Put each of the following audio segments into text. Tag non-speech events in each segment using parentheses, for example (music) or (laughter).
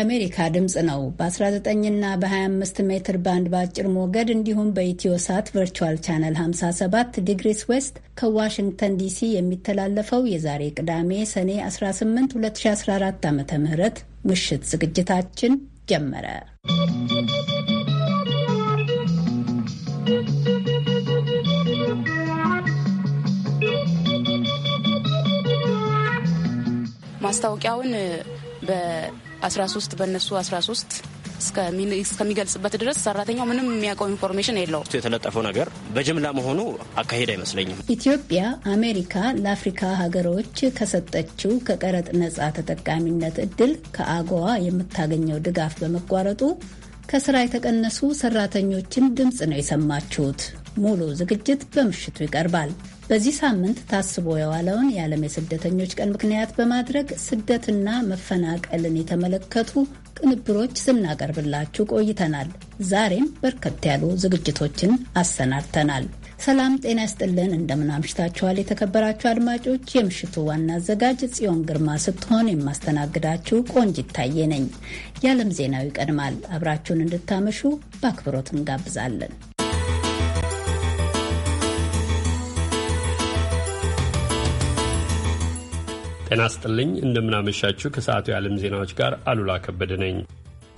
የአሜሪካ ድምፅ ነው። በ19ና በ25 ሜትር ባንድ በአጭር ሞገድ እንዲሁም በኢትዮ ሳት ቨርቹዋል ቻነል 57 ዲግሪስ ዌስት ከዋሽንግተን ዲሲ የሚተላለፈው የዛሬ ቅዳሜ ሰኔ 18 2014 ዓ ም ምሽት ዝግጅታችን ጀመረ። ማስታወቂያውን 13 በእነሱ 13 እስከሚገልጽበት ድረስ ሰራተኛው ምንም የሚያውቀው ኢንፎርሜሽን የለውም። የተለጠፈው ነገር በጅምላ መሆኑ አካሄድ አይመስለኝም። ኢትዮጵያ አሜሪካ ለአፍሪካ ሀገሮች ከሰጠችው ከቀረጥ ነጻ ተጠቃሚነት እድል ከአጎዋ የምታገኘው ድጋፍ በመቋረጡ ከስራ የተቀነሱ ሰራተኞችን ድምፅ ነው የሰማችሁት። ሙሉ ዝግጅት በምሽቱ ይቀርባል። በዚህ ሳምንት ታስቦ የዋለውን የዓለም የስደተኞች ቀን ምክንያት በማድረግ ስደትና መፈናቀልን የተመለከቱ ቅንብሮች ስናቀርብላችሁ ቆይተናል። ዛሬም በርከት ያሉ ዝግጅቶችን አሰናድተናል። ሰላም ጤና ያስጥልን። እንደምን አምሽታችኋል? የተከበራችሁ አድማጮች፣ የምሽቱ ዋና አዘጋጅ ጽዮን ግርማ ስትሆን የማስተናግዳችሁ ቆንጅ ታየ ነኝ። የዓለም ዜናዊ ይቀድማል። አብራችሁን እንድታመሹ በአክብሮት እንጋብዛለን። ጤና ስጥልኝ እንደምናመሻችሁ። ከሰዓቱ የዓለም ዜናዎች ጋር አሉላ ከበደ ነኝ።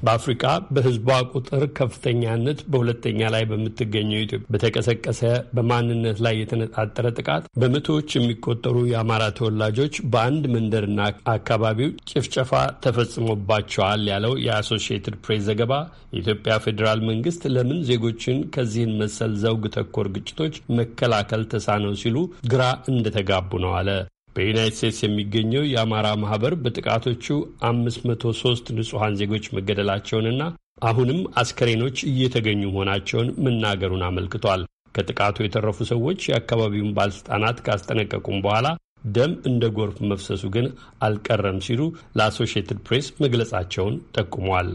በአፍሪቃ በህዝቧ ቁጥር ከፍተኛነት በሁለተኛ ላይ በምትገኘው ኢትዮጵያ በተቀሰቀሰ በማንነት ላይ የተነጣጠረ ጥቃት በመቶዎች የሚቆጠሩ የአማራ ተወላጆች በአንድ መንደርና አካባቢው ጭፍጨፋ ተፈጽሞባቸዋል ያለው የአሶሺየትድ ፕሬስ ዘገባ የኢትዮጵያ ፌዴራል መንግስት ለምን ዜጎችን ከዚህን መሰል ዘውግ ተኮር ግጭቶች መከላከል ተሳነው ሲሉ ግራ እንደተጋቡ ነው አለ። በዩናይት ስቴትስ የሚገኘው የአማራ ማህበር በጥቃቶቹ 503 ንጹሐን ዜጎች መገደላቸውንና አሁንም አስከሬኖች እየተገኙ መሆናቸውን መናገሩን አመልክቷል። ከጥቃቱ የተረፉ ሰዎች የአካባቢውን ባለሥልጣናት ካስጠነቀቁም በኋላ ደም እንደ ጎርፍ መፍሰሱ ግን አልቀረም ሲሉ ለአሶሺየትድ ፕሬስ መግለጻቸውን ጠቁመዋል።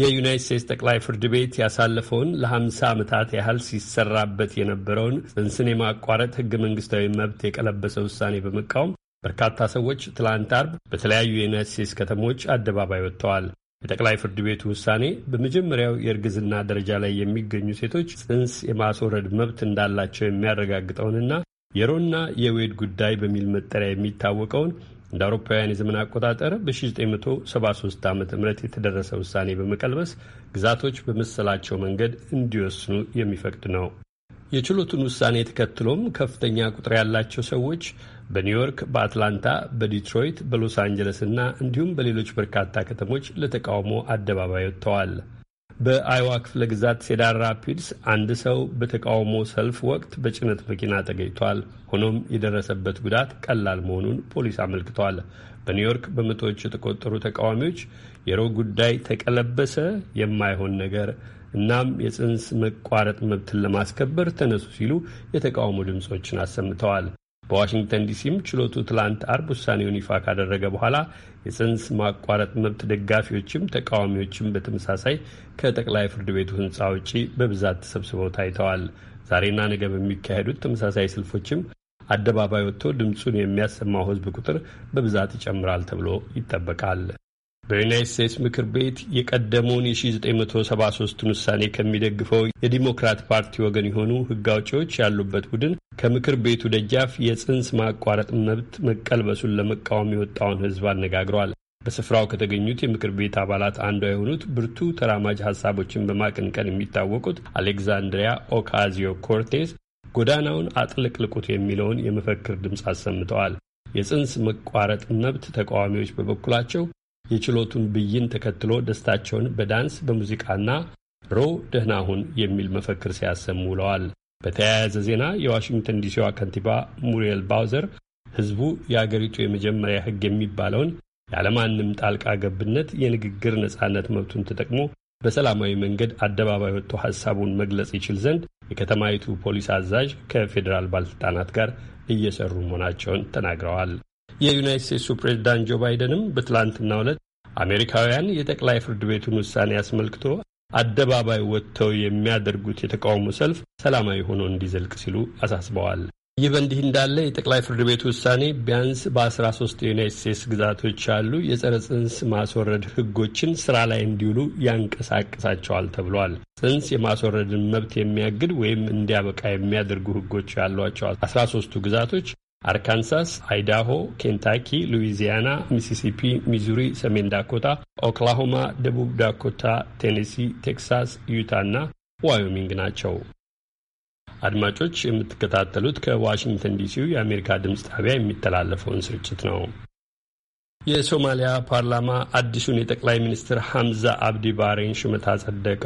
የዩናይት ስቴትስ ጠቅላይ ፍርድ ቤት ያሳለፈውን ለ50 ዓመታት ያህል ሲሰራበት የነበረውን ጽንስን የማቋረጥ ህገ መንግስታዊ መብት የቀለበሰ ውሳኔ በመቃወም በርካታ ሰዎች ትላንት አርብ በተለያዩ የዩናይት ስቴትስ ከተሞች አደባባይ ወጥተዋል። የጠቅላይ ፍርድ ቤቱ ውሳኔ በመጀመሪያው የእርግዝና ደረጃ ላይ የሚገኙ ሴቶች ጽንስ የማስወረድ መብት እንዳላቸው የሚያረጋግጠውንና የሮና የዌድ ጉዳይ በሚል መጠሪያ የሚታወቀውን እንደ አውሮፓውያን የዘመን አቆጣጠር በ1973 ዓ ም የተደረሰ ውሳኔ በመቀልበስ ግዛቶች በመሰላቸው መንገድ እንዲወስኑ የሚፈቅድ ነው። የችሎቱን ውሳኔ ተከትሎም ከፍተኛ ቁጥር ያላቸው ሰዎች በኒውዮርክ፣ በአትላንታ፣ በዲትሮይት፣ በሎስ አንጀለስ እና እንዲሁም በሌሎች በርካታ ከተሞች ለተቃውሞ አደባባይ ወጥተዋል። በአይዋ ክፍለ ግዛት ሴዳር ራፒድስ አንድ ሰው በተቃውሞ ሰልፍ ወቅት በጭነት መኪና ተገኝቷል። ሆኖም የደረሰበት ጉዳት ቀላል መሆኑን ፖሊስ አመልክቷል። በኒውዮርክ በመቶዎች የተቆጠሩ ተቃዋሚዎች የሮ ጉዳይ ተቀለበሰ የማይሆን ነገር እናም የጽንስ መቋረጥ መብትን ለማስከበር ተነሱ ሲሉ የተቃውሞ ድምፆችን አሰምተዋል። በዋሽንግተን ዲሲም ችሎቱ ትላንት አርብ ውሳኔውን ይፋ ካደረገ በኋላ የጽንስ ማቋረጥ መብት ደጋፊዎችም ተቃዋሚዎችም በተመሳሳይ ከጠቅላይ ፍርድ ቤቱ ህንፃ ውጪ በብዛት ተሰብስበው ታይተዋል። ዛሬና ነገ በሚካሄዱት ተመሳሳይ ሰልፎችም አደባባይ ወጥቶ ድምፁን የሚያሰማው ህዝብ ቁጥር በብዛት ይጨምራል ተብሎ ይጠበቃል። በዩናይት ስቴትስ ምክር ቤት የቀደመውን የ1973ቱን ውሳኔ ከሚደግፈው የዲሞክራት ፓርቲ ወገን የሆኑ ሕግ አውጪዎች ያሉበት ቡድን ከምክር ቤቱ ደጃፍ የጽንስ ማቋረጥ መብት መቀልበሱን ለመቃወም የወጣውን ሕዝብ አነጋግሯል። በስፍራው ከተገኙት የምክር ቤት አባላት አንዷ የሆኑት ብርቱ ተራማጅ ሀሳቦችን በማቀንቀን የሚታወቁት አሌክዛንድሪያ ኦካዚዮ ኮርቴስ ጎዳናውን አጥልቅልቁት የሚለውን የመፈክር ድምፅ አሰምተዋል። የጽንስ መቋረጥ መብት ተቃዋሚዎች በበኩላቸው የችሎቱን ብይን ተከትሎ ደስታቸውን በዳንስ በሙዚቃና ሮ ደህናሁን የሚል መፈክር ሲያሰሙ ውለዋል። በተያያዘ ዜና የዋሽንግተን ዲሲዋ ከንቲባ ሙሪየል ባውዘር ህዝቡ የአገሪቱ የመጀመሪያ ህግ የሚባለውን ያለማንም ጣልቃ ገብነት የንግግር ነጻነት መብቱን ተጠቅሞ በሰላማዊ መንገድ አደባባይ ወጥቶ ሀሳቡን መግለጽ ይችል ዘንድ የከተማይቱ ፖሊስ አዛዥ ከፌዴራል ባለስልጣናት ጋር እየሰሩ መሆናቸውን ተናግረዋል። የዩናይት ስቴትሱ ፕሬዚዳንት ጆ ባይደንም በትላንትናው ዕለት አሜሪካውያን የጠቅላይ ፍርድ ቤቱን ውሳኔ አስመልክቶ አደባባይ ወጥተው የሚያደርጉት የተቃውሞ ሰልፍ ሰላማዊ ሆኖ እንዲዘልቅ ሲሉ አሳስበዋል። ይህ በእንዲህ እንዳለ የጠቅላይ ፍርድ ቤቱ ውሳኔ ቢያንስ በ13 የዩናይት ስቴትስ ግዛቶች ያሉ የጸረ ጽንስ ማስወረድ ህጎችን ስራ ላይ እንዲውሉ ያንቀሳቅሳቸዋል ተብሏል። ጽንስ የማስወረድን መብት የሚያግድ ወይም እንዲያበቃ የሚያደርጉ ህጎች ያሏቸው 13ቱ ግዛቶች አርካንሳስ፣ አይዳሆ፣ ኬንታኪ፣ ሉዊዚያና፣ ሚሲሲፒ፣ ሚዙሪ፣ ሰሜን ዳኮታ፣ ኦክላሆማ፣ ደቡብ ዳኮታ፣ ቴኔሲ፣ ቴክሳስ፣ ዩታ እና ዋዮሚንግ ናቸው። አድማጮች የምትከታተሉት ከዋሽንግተን ዲሲው የአሜሪካ ድምፅ ጣቢያ የሚተላለፈውን ስርጭት ነው። የሶማሊያ ፓርላማ አዲሱን የጠቅላይ ሚኒስትር ሐምዛ አብዲ ባሬን ሹመት አጸደቀ።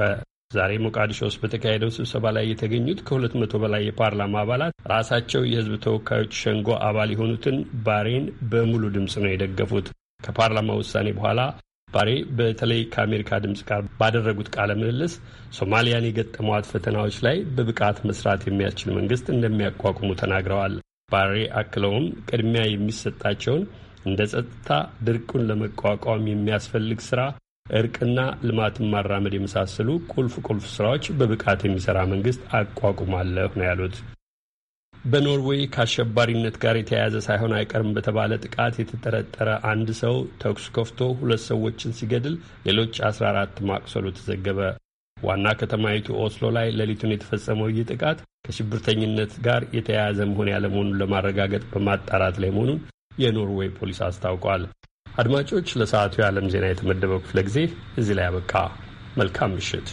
ዛሬ ሞቃዲሾ ውስጥ በተካሄደው ስብሰባ ላይ የተገኙት ከሁለት መቶ በላይ የፓርላማ አባላት ራሳቸው የህዝብ ተወካዮች ሸንጎ አባል የሆኑትን ባሬን በሙሉ ድምፅ ነው የደገፉት። ከፓርላማ ውሳኔ በኋላ ባሬ በተለይ ከአሜሪካ ድምፅ ጋር ባደረጉት ቃለ ምልልስ ሶማሊያን የገጠሟት ፈተናዎች ላይ በብቃት መስራት የሚያስችል መንግስት እንደሚያቋቁሙ ተናግረዋል። ባሬ አክለውም ቅድሚያ የሚሰጣቸውን እንደ ጸጥታ፣ ድርቁን ለመቋቋም የሚያስፈልግ ስራ እርቅና ልማትን ማራመድ የመሳሰሉ ቁልፍ ቁልፍ ስራዎች በብቃት የሚሰራ መንግስት አቋቁማለሁ ነው ያሉት። በኖርዌይ ከአሸባሪነት ጋር የተያያዘ ሳይሆን አይቀርም በተባለ ጥቃት የተጠረጠረ አንድ ሰው ተኩስ ከፍቶ ሁለት ሰዎችን ሲገድል ሌሎች 14 ማቁሰሉ ተዘገበ። ዋና ከተማይቱ ኦስሎ ላይ ሌሊቱን የተፈጸመው ይህ ጥቃት ከሽብርተኝነት ጋር የተያያዘ መሆን ያለመሆኑን ለማረጋገጥ በማጣራት ላይ መሆኑን የኖርዌይ ፖሊስ አስታውቋል። አድማጮች፣ ለሰዓቱ የዓለም ዜና የተመደበው ክፍለ ጊዜ እዚህ ላይ አበቃ። መልካም ምሽት።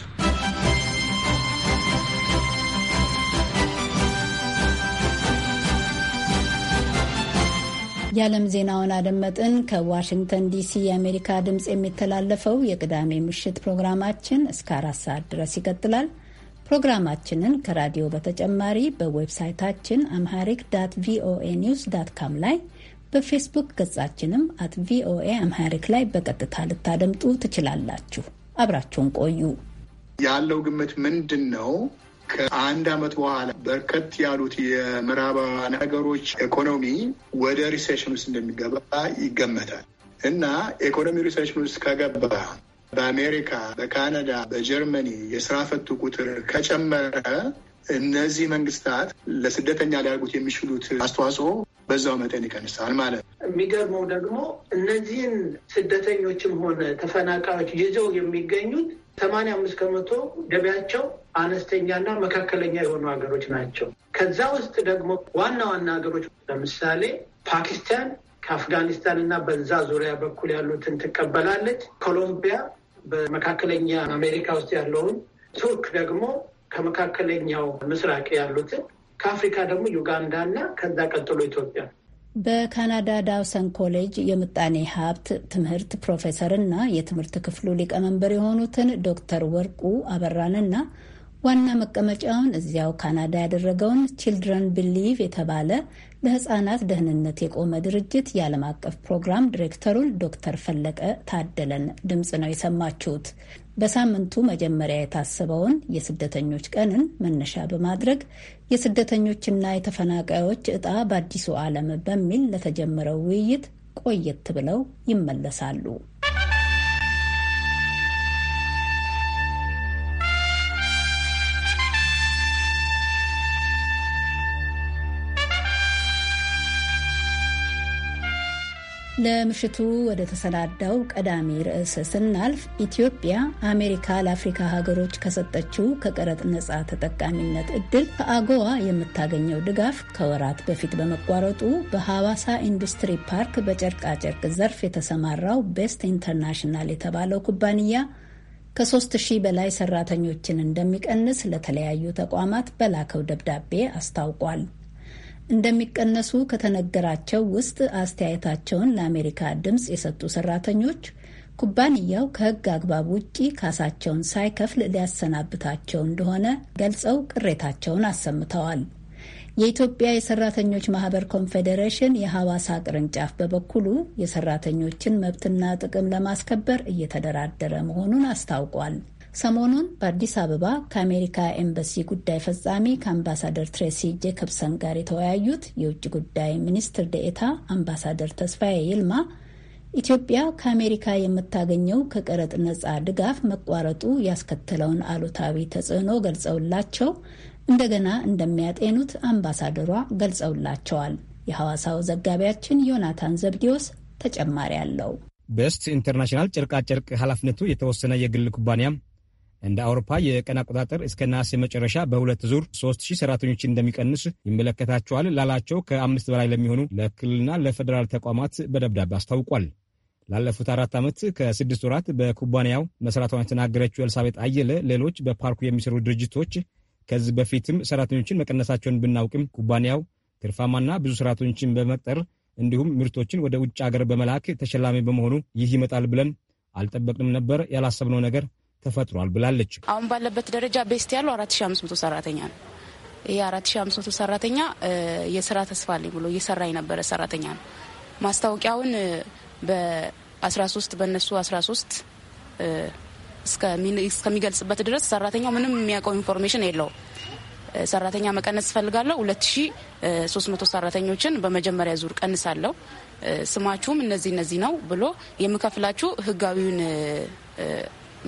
የዓለም ዜናውን አደመጥን። ከዋሽንግተን ዲሲ የአሜሪካ ድምፅ የሚተላለፈው የቅዳሜ ምሽት ፕሮግራማችን እስከ አራት ሰዓት ድረስ ይቀጥላል። ፕሮግራማችንን ከራዲዮ በተጨማሪ በዌብሳይታችን አምሃሪክ ዳት ቪኦኤ ኒውስ ዳት ካም ላይ በፌስቡክ ገጻችንም አት ቪኦኤ አምሃሪክ ላይ በቀጥታ ልታደምጡ ትችላላችሁ። አብራችሁን ቆዩ። ያለው ግምት ምንድን ነው? ከአንድ ዓመት በኋላ በርከት ያሉት የምዕራባውያን ሀገሮች ኢኮኖሚ ወደ ሪሴሽን ውስጥ እንደሚገባ ይገመታል እና ኢኮኖሚ ሪሴሽን ውስጥ ከገባ በአሜሪካ፣ በካናዳ፣ በጀርመኒ የስራ ፈቱ ቁጥር ከጨመረ እነዚህ መንግስታት ለስደተኛ ሊያደርጉት የሚችሉት አስተዋጽኦ በዛው መጠን ይቀንሳል ማለት ነው። የሚገርመው ደግሞ እነዚህን ስደተኞችም ሆነ ተፈናቃዮች ይዘው የሚገኙት ሰማንያ አምስት ከመቶ ገቢያቸው አነስተኛና መካከለኛ የሆኑ ሀገሮች ናቸው። ከዛ ውስጥ ደግሞ ዋና ዋና ሀገሮች ለምሳሌ ፓኪስታን ከአፍጋኒስታን እና በዛ ዙሪያ በኩል ያሉትን ትቀበላለች። ኮሎምቢያ በመካከለኛ አሜሪካ ውስጥ ያለውን፣ ቱርክ ደግሞ ከመካከለኛው ምስራቅ ያሉትን ከአፍሪካ ደግሞ ዩጋንዳና ከዛ ቀጥሎ ኢትዮጵያ። በካናዳ ዳውሰን ኮሌጅ የምጣኔ ሀብት ትምህርት ፕሮፌሰርና የትምህርት ክፍሉ ሊቀመንበር የሆኑትን ዶክተር ወርቁ አበራንና ዋና መቀመጫውን እዚያው ካናዳ ያደረገውን ቺልድረን ቢሊቭ የተባለ ለሕፃናት ደህንነት የቆመ ድርጅት የዓለም አቀፍ ፕሮግራም ዲሬክተሩን ዶክተር ፈለቀ ታደለን ድምፅ ነው የሰማችሁት። በሳምንቱ መጀመሪያ የታሰበውን የስደተኞች ቀንን መነሻ በማድረግ የስደተኞችና የተፈናቃዮች ዕጣ በአዲሱ ዓለም በሚል ለተጀመረው ውይይት ቆየት ብለው ይመለሳሉ። ለምሽቱ ወደ ተሰናዳው ቀዳሚ ርዕስ ስናልፍ ኢትዮጵያ አሜሪካ ለአፍሪካ ሀገሮች ከሰጠችው ከቀረጥ ነጻ ተጠቃሚነት እድል ከአጎዋ የምታገኘው ድጋፍ ከወራት በፊት በመቋረጡ በሐዋሳ ኢንዱስትሪ ፓርክ በጨርቃጨርቅ ዘርፍ የተሰማራው ቤስት ኢንተርናሽናል የተባለው ኩባንያ ከሶስት ሺህ በላይ ሰራተኞችን እንደሚቀንስ ለተለያዩ ተቋማት በላከው ደብዳቤ አስታውቋል። እንደሚቀነሱ ከተነገራቸው ውስጥ አስተያየታቸውን ለአሜሪካ ድምፅ የሰጡ ሰራተኞች ኩባንያው ከሕግ አግባብ ውጪ ካሳቸውን ሳይከፍል ሊያሰናብታቸው እንደሆነ ገልጸው ቅሬታቸውን አሰምተዋል። የኢትዮጵያ የሰራተኞች ማህበር ኮንፌዴሬሽን የሐዋሳ ቅርንጫፍ በበኩሉ የሰራተኞችን መብትና ጥቅም ለማስከበር እየተደራደረ መሆኑን አስታውቋል። ሰሞኑን በአዲስ አበባ ከአሜሪካ ኤምባሲ ጉዳይ ፈጻሚ ከአምባሳደር ትሬሲ ጄኮብሰን ጋር የተወያዩት የውጭ ጉዳይ ሚኒስትር ደኤታ አምባሳደር ተስፋዬ ይልማ ኢትዮጵያ ከአሜሪካ የምታገኘው ከቀረጥ ነጻ ድጋፍ መቋረጡ ያስከተለውን አሉታዊ ተጽዕኖ ገልጸውላቸው እንደገና እንደሚያጤኑት አምባሳደሯ ገልጸውላቸዋል። የሐዋሳው ዘጋቢያችን ዮናታን ዘብዲዮስ ተጨማሪ አለው። ቤስት ኢንተርናሽናል ጨርቃጨርቅ ኃላፊነቱ የተወሰነ የግል ኩባንያ እንደ አውሮፓ የቀን አቆጣጠር እስከ ነሐሴ መጨረሻ በሁለት ዙር ሶስት ሺህ ሰራተኞች እንደሚቀንስ ይመለከታቸዋል ላላቸው ከአምስት በላይ ለሚሆኑ ለክልልና ለፌዴራል ተቋማት በደብዳቤ አስታውቋል። ላለፉት አራት ዓመት ከስድስት ወራት በኩባንያው መስራቷን የተናገረችው ኤልሳቤጥ አየለ ሌሎች በፓርኩ የሚሰሩ ድርጅቶች ከዚህ በፊትም ሰራተኞችን መቀነሳቸውን ብናውቅም ኩባንያው ትርፋማና ብዙ ሰራተኞችን በመቅጠር እንዲሁም ምርቶችን ወደ ውጭ አገር በመላክ ተሸላሚ በመሆኑ ይህ ይመጣል ብለን አልጠበቅንም ነበር። ያላሰብነው ነገር ተፈጥሯል ብላለች። አሁን ባለበት ደረጃ ቤስት ያለው አራት መቶ ሰራተኛ ነው። ይህ መቶ ሰራተኛ የስራ ተስፋ አለኝ ብሎ እየሰራ የነበረ ሰራተኛ ነው። ማስታወቂያውን በ13 በእነሱ ሶስት እስከሚገልጽበት ድረስ ሰራተኛው ምንም የሚያውቀው ኢንፎርሜሽን የለው ሰራተኛ መቀነስ እፈልጋለሁ፣ መቶ ሰራተኞችን በመጀመሪያ ዙር ቀንሳለሁ፣ ስማችሁም እነዚህ እነዚህ ነው ብሎ የምከፍላችሁ ህጋዊውን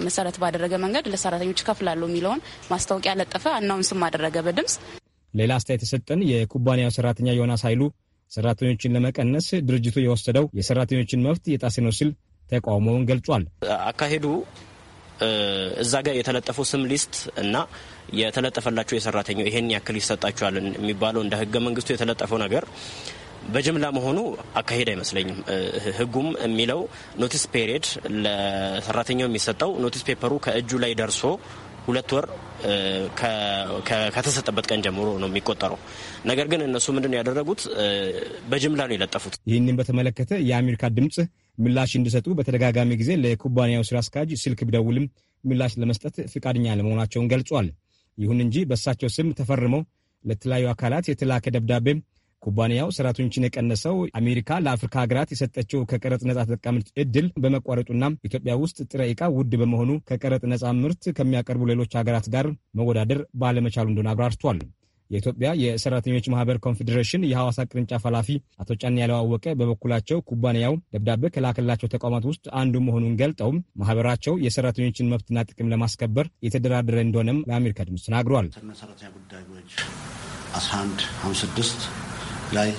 መሰረት ባደረገ መንገድ ለሰራተኞች ከፍላሉ የሚለውን ማስታወቂያ ለጠፈ፣ አናውንስም አደረገ በድምፅ። ሌላ አስተያየት የሰጠን የኩባንያው ሰራተኛ ዮናስ ኃይሉ ሰራተኞችን ለመቀነስ ድርጅቱ የወሰደው የሰራተኞችን መብት የጣሴ ነው ሲል ተቃውሞውን ገልጿል። አካሄዱ እዛ ጋር የተለጠፈው ስም ሊስት እና የተለጠፈላቸው የሰራተኛው ይሄን ያክል ይሰጣቸዋል የሚባለው እንደ ህገ መንግስቱ የተለጠፈው ነገር በጅምላ መሆኑ አካሄድ አይመስለኝም። ህጉም የሚለው ኖቲስ ፔሪድ ለሰራተኛው የሚሰጠው ኖቲስ ፔፐሩ ከእጁ ላይ ደርሶ ሁለት ወር ከተሰጠበት ቀን ጀምሮ ነው የሚቆጠረው። ነገር ግን እነሱ ምንድን ያደረጉት? በጅምላ ነው የለጠፉት። ይህንን በተመለከተ የአሜሪካ ድምፅ ምላሽ እንዲሰጡ በተደጋጋሚ ጊዜ ለኩባንያው ስራ አስኪያጅ ስልክ ቢደውልም ምላሽ ለመስጠት ፍቃደኛ ለመሆናቸውን ገልጿል። ይሁን እንጂ በእሳቸው ስም ተፈርመው ለተለያዩ አካላት የተላከ ደብዳቤም ኩባንያው ሰራተኞችን የቀነሰው አሜሪካ ለአፍሪካ ሀገራት የሰጠችው ከቀረጥ ነጻ ተጠቃሚዎች እድል በመቋረጡና ኢትዮጵያ ውስጥ ጥሬ ዕቃ ውድ በመሆኑ ከቀረጥ ነጻ ምርት ከሚያቀርቡ ሌሎች ሀገራት ጋር መወዳደር ባለመቻሉ እንደሆነ አብራርቷል። የኢትዮጵያ የሰራተኞች ማህበር ኮንፌዴሬሽን የሐዋሳ ቅርንጫፍ ኃላፊ አቶ ጫን ያለዋወቀ በበኩላቸው ኩባንያው ደብዳቤ ከላከላቸው ተቋማት ውስጥ አንዱ መሆኑን ገልጠው ማህበራቸው የሰራተኞችን መብትና ጥቅም ለማስከበር የተደራደረ እንደሆነም ለአሜሪካ ድምፅ ተናግሯል። ሰራተኛ ጉዳዮች ላይ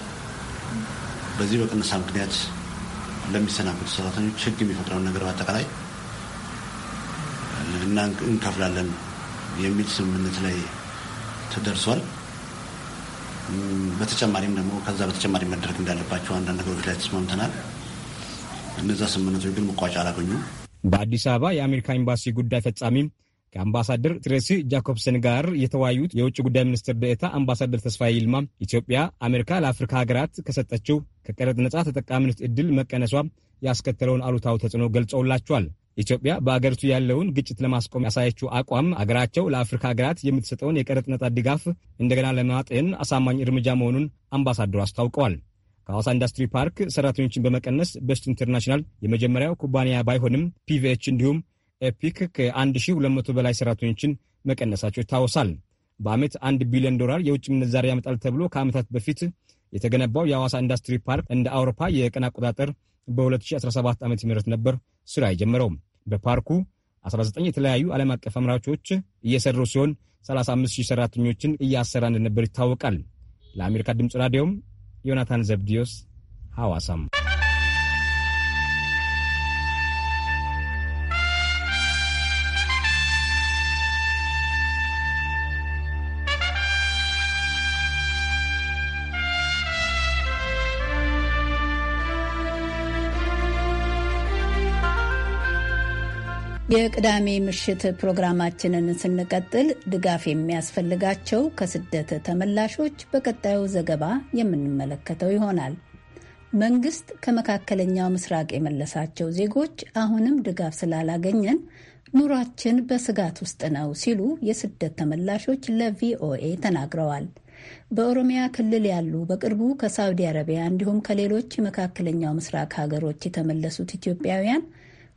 በዚህ በቅነሳ ምክንያት ለሚሰናበቱ ሰራተኞች ህግ የሚፈጥረውን ነገር በአጠቃላይ እና እንከፍላለን የሚል ስምምነት ላይ ተደርሷል። በተጨማሪም ደግሞ ከዛ በተጨማሪ መደረግ እንዳለባቸው አንዳንድ ነገሮች ላይ ተስማምተናል። እነዛ ስምምነቶች ግን መቋጫ አላገኙም። በአዲስ አበባ የአሜሪካ ኤምባሲ ጉዳይ ፈጻሚም ከአምባሳደር ትሬሲ ጃኮብሰን ጋር የተወያዩት የውጭ ጉዳይ ሚኒስትር ደኤታ አምባሳደር ተስፋዬ ይልማ ኢትዮጵያ አሜሪካ ለአፍሪካ ሀገራት ከሰጠችው ከቀረጥ ነጻ ተጠቃሚነት እድል መቀነሷ ያስከተለውን አሉታዊ ተጽዕኖ ገልጸውላቸዋል። ኢትዮጵያ በአገሪቱ ያለውን ግጭት ለማስቆም ያሳየችው አቋም አገራቸው ለአፍሪካ ሀገራት የምትሰጠውን የቀረጥ ነጻ ድጋፍ እንደገና ለማጤን አሳማኝ እርምጃ መሆኑን አምባሳደሩ አስታውቀዋል። ከሐዋሳ ኢንዱስትሪ ፓርክ ሰራተኞችን በመቀነስ በስት ኢንተርናሽናል የመጀመሪያው ኩባንያ ባይሆንም ፒቪኤች እንዲሁም ኤፒክ ከ1200 በላይ ሰራተኞችን መቀነሳቸው ይታወሳል። በዓመት አንድ ቢሊዮን ዶላር የውጭ ምንዛሪ ያመጣል ተብሎ ከዓመታት በፊት የተገነባው የአዋሳ ኢንዱስትሪ ፓርክ እንደ አውሮፓ የቀን አቆጣጠር በ2017 ዓ ም ነበር ስራ የጀመረው። በፓርኩ 19 የተለያዩ ዓለም አቀፍ አምራቾች እየሰሩ ሲሆን 35000 ሰራተኞችን እያሰራ እንደነበር ይታወቃል። ለአሜሪካ ድምፅ ራዲዮም ዮናታን ዘብዲዮስ ሐዋሳም የቅዳሜ ምሽት ፕሮግራማችንን ስንቀጥል ድጋፍ የሚያስፈልጋቸው ከስደት ተመላሾች በቀጣዩ ዘገባ የምንመለከተው ይሆናል። መንግስት ከመካከለኛው ምስራቅ የመለሳቸው ዜጎች አሁንም ድጋፍ ስላላገኘን ኑሯችን በስጋት ውስጥ ነው ሲሉ የስደት ተመላሾች ለቪኦኤ ተናግረዋል። በኦሮሚያ ክልል ያሉ በቅርቡ ከሳውዲ አረቢያ እንዲሁም ከሌሎች የመካከለኛው ምስራቅ ሀገሮች የተመለሱት ኢትዮጵያውያን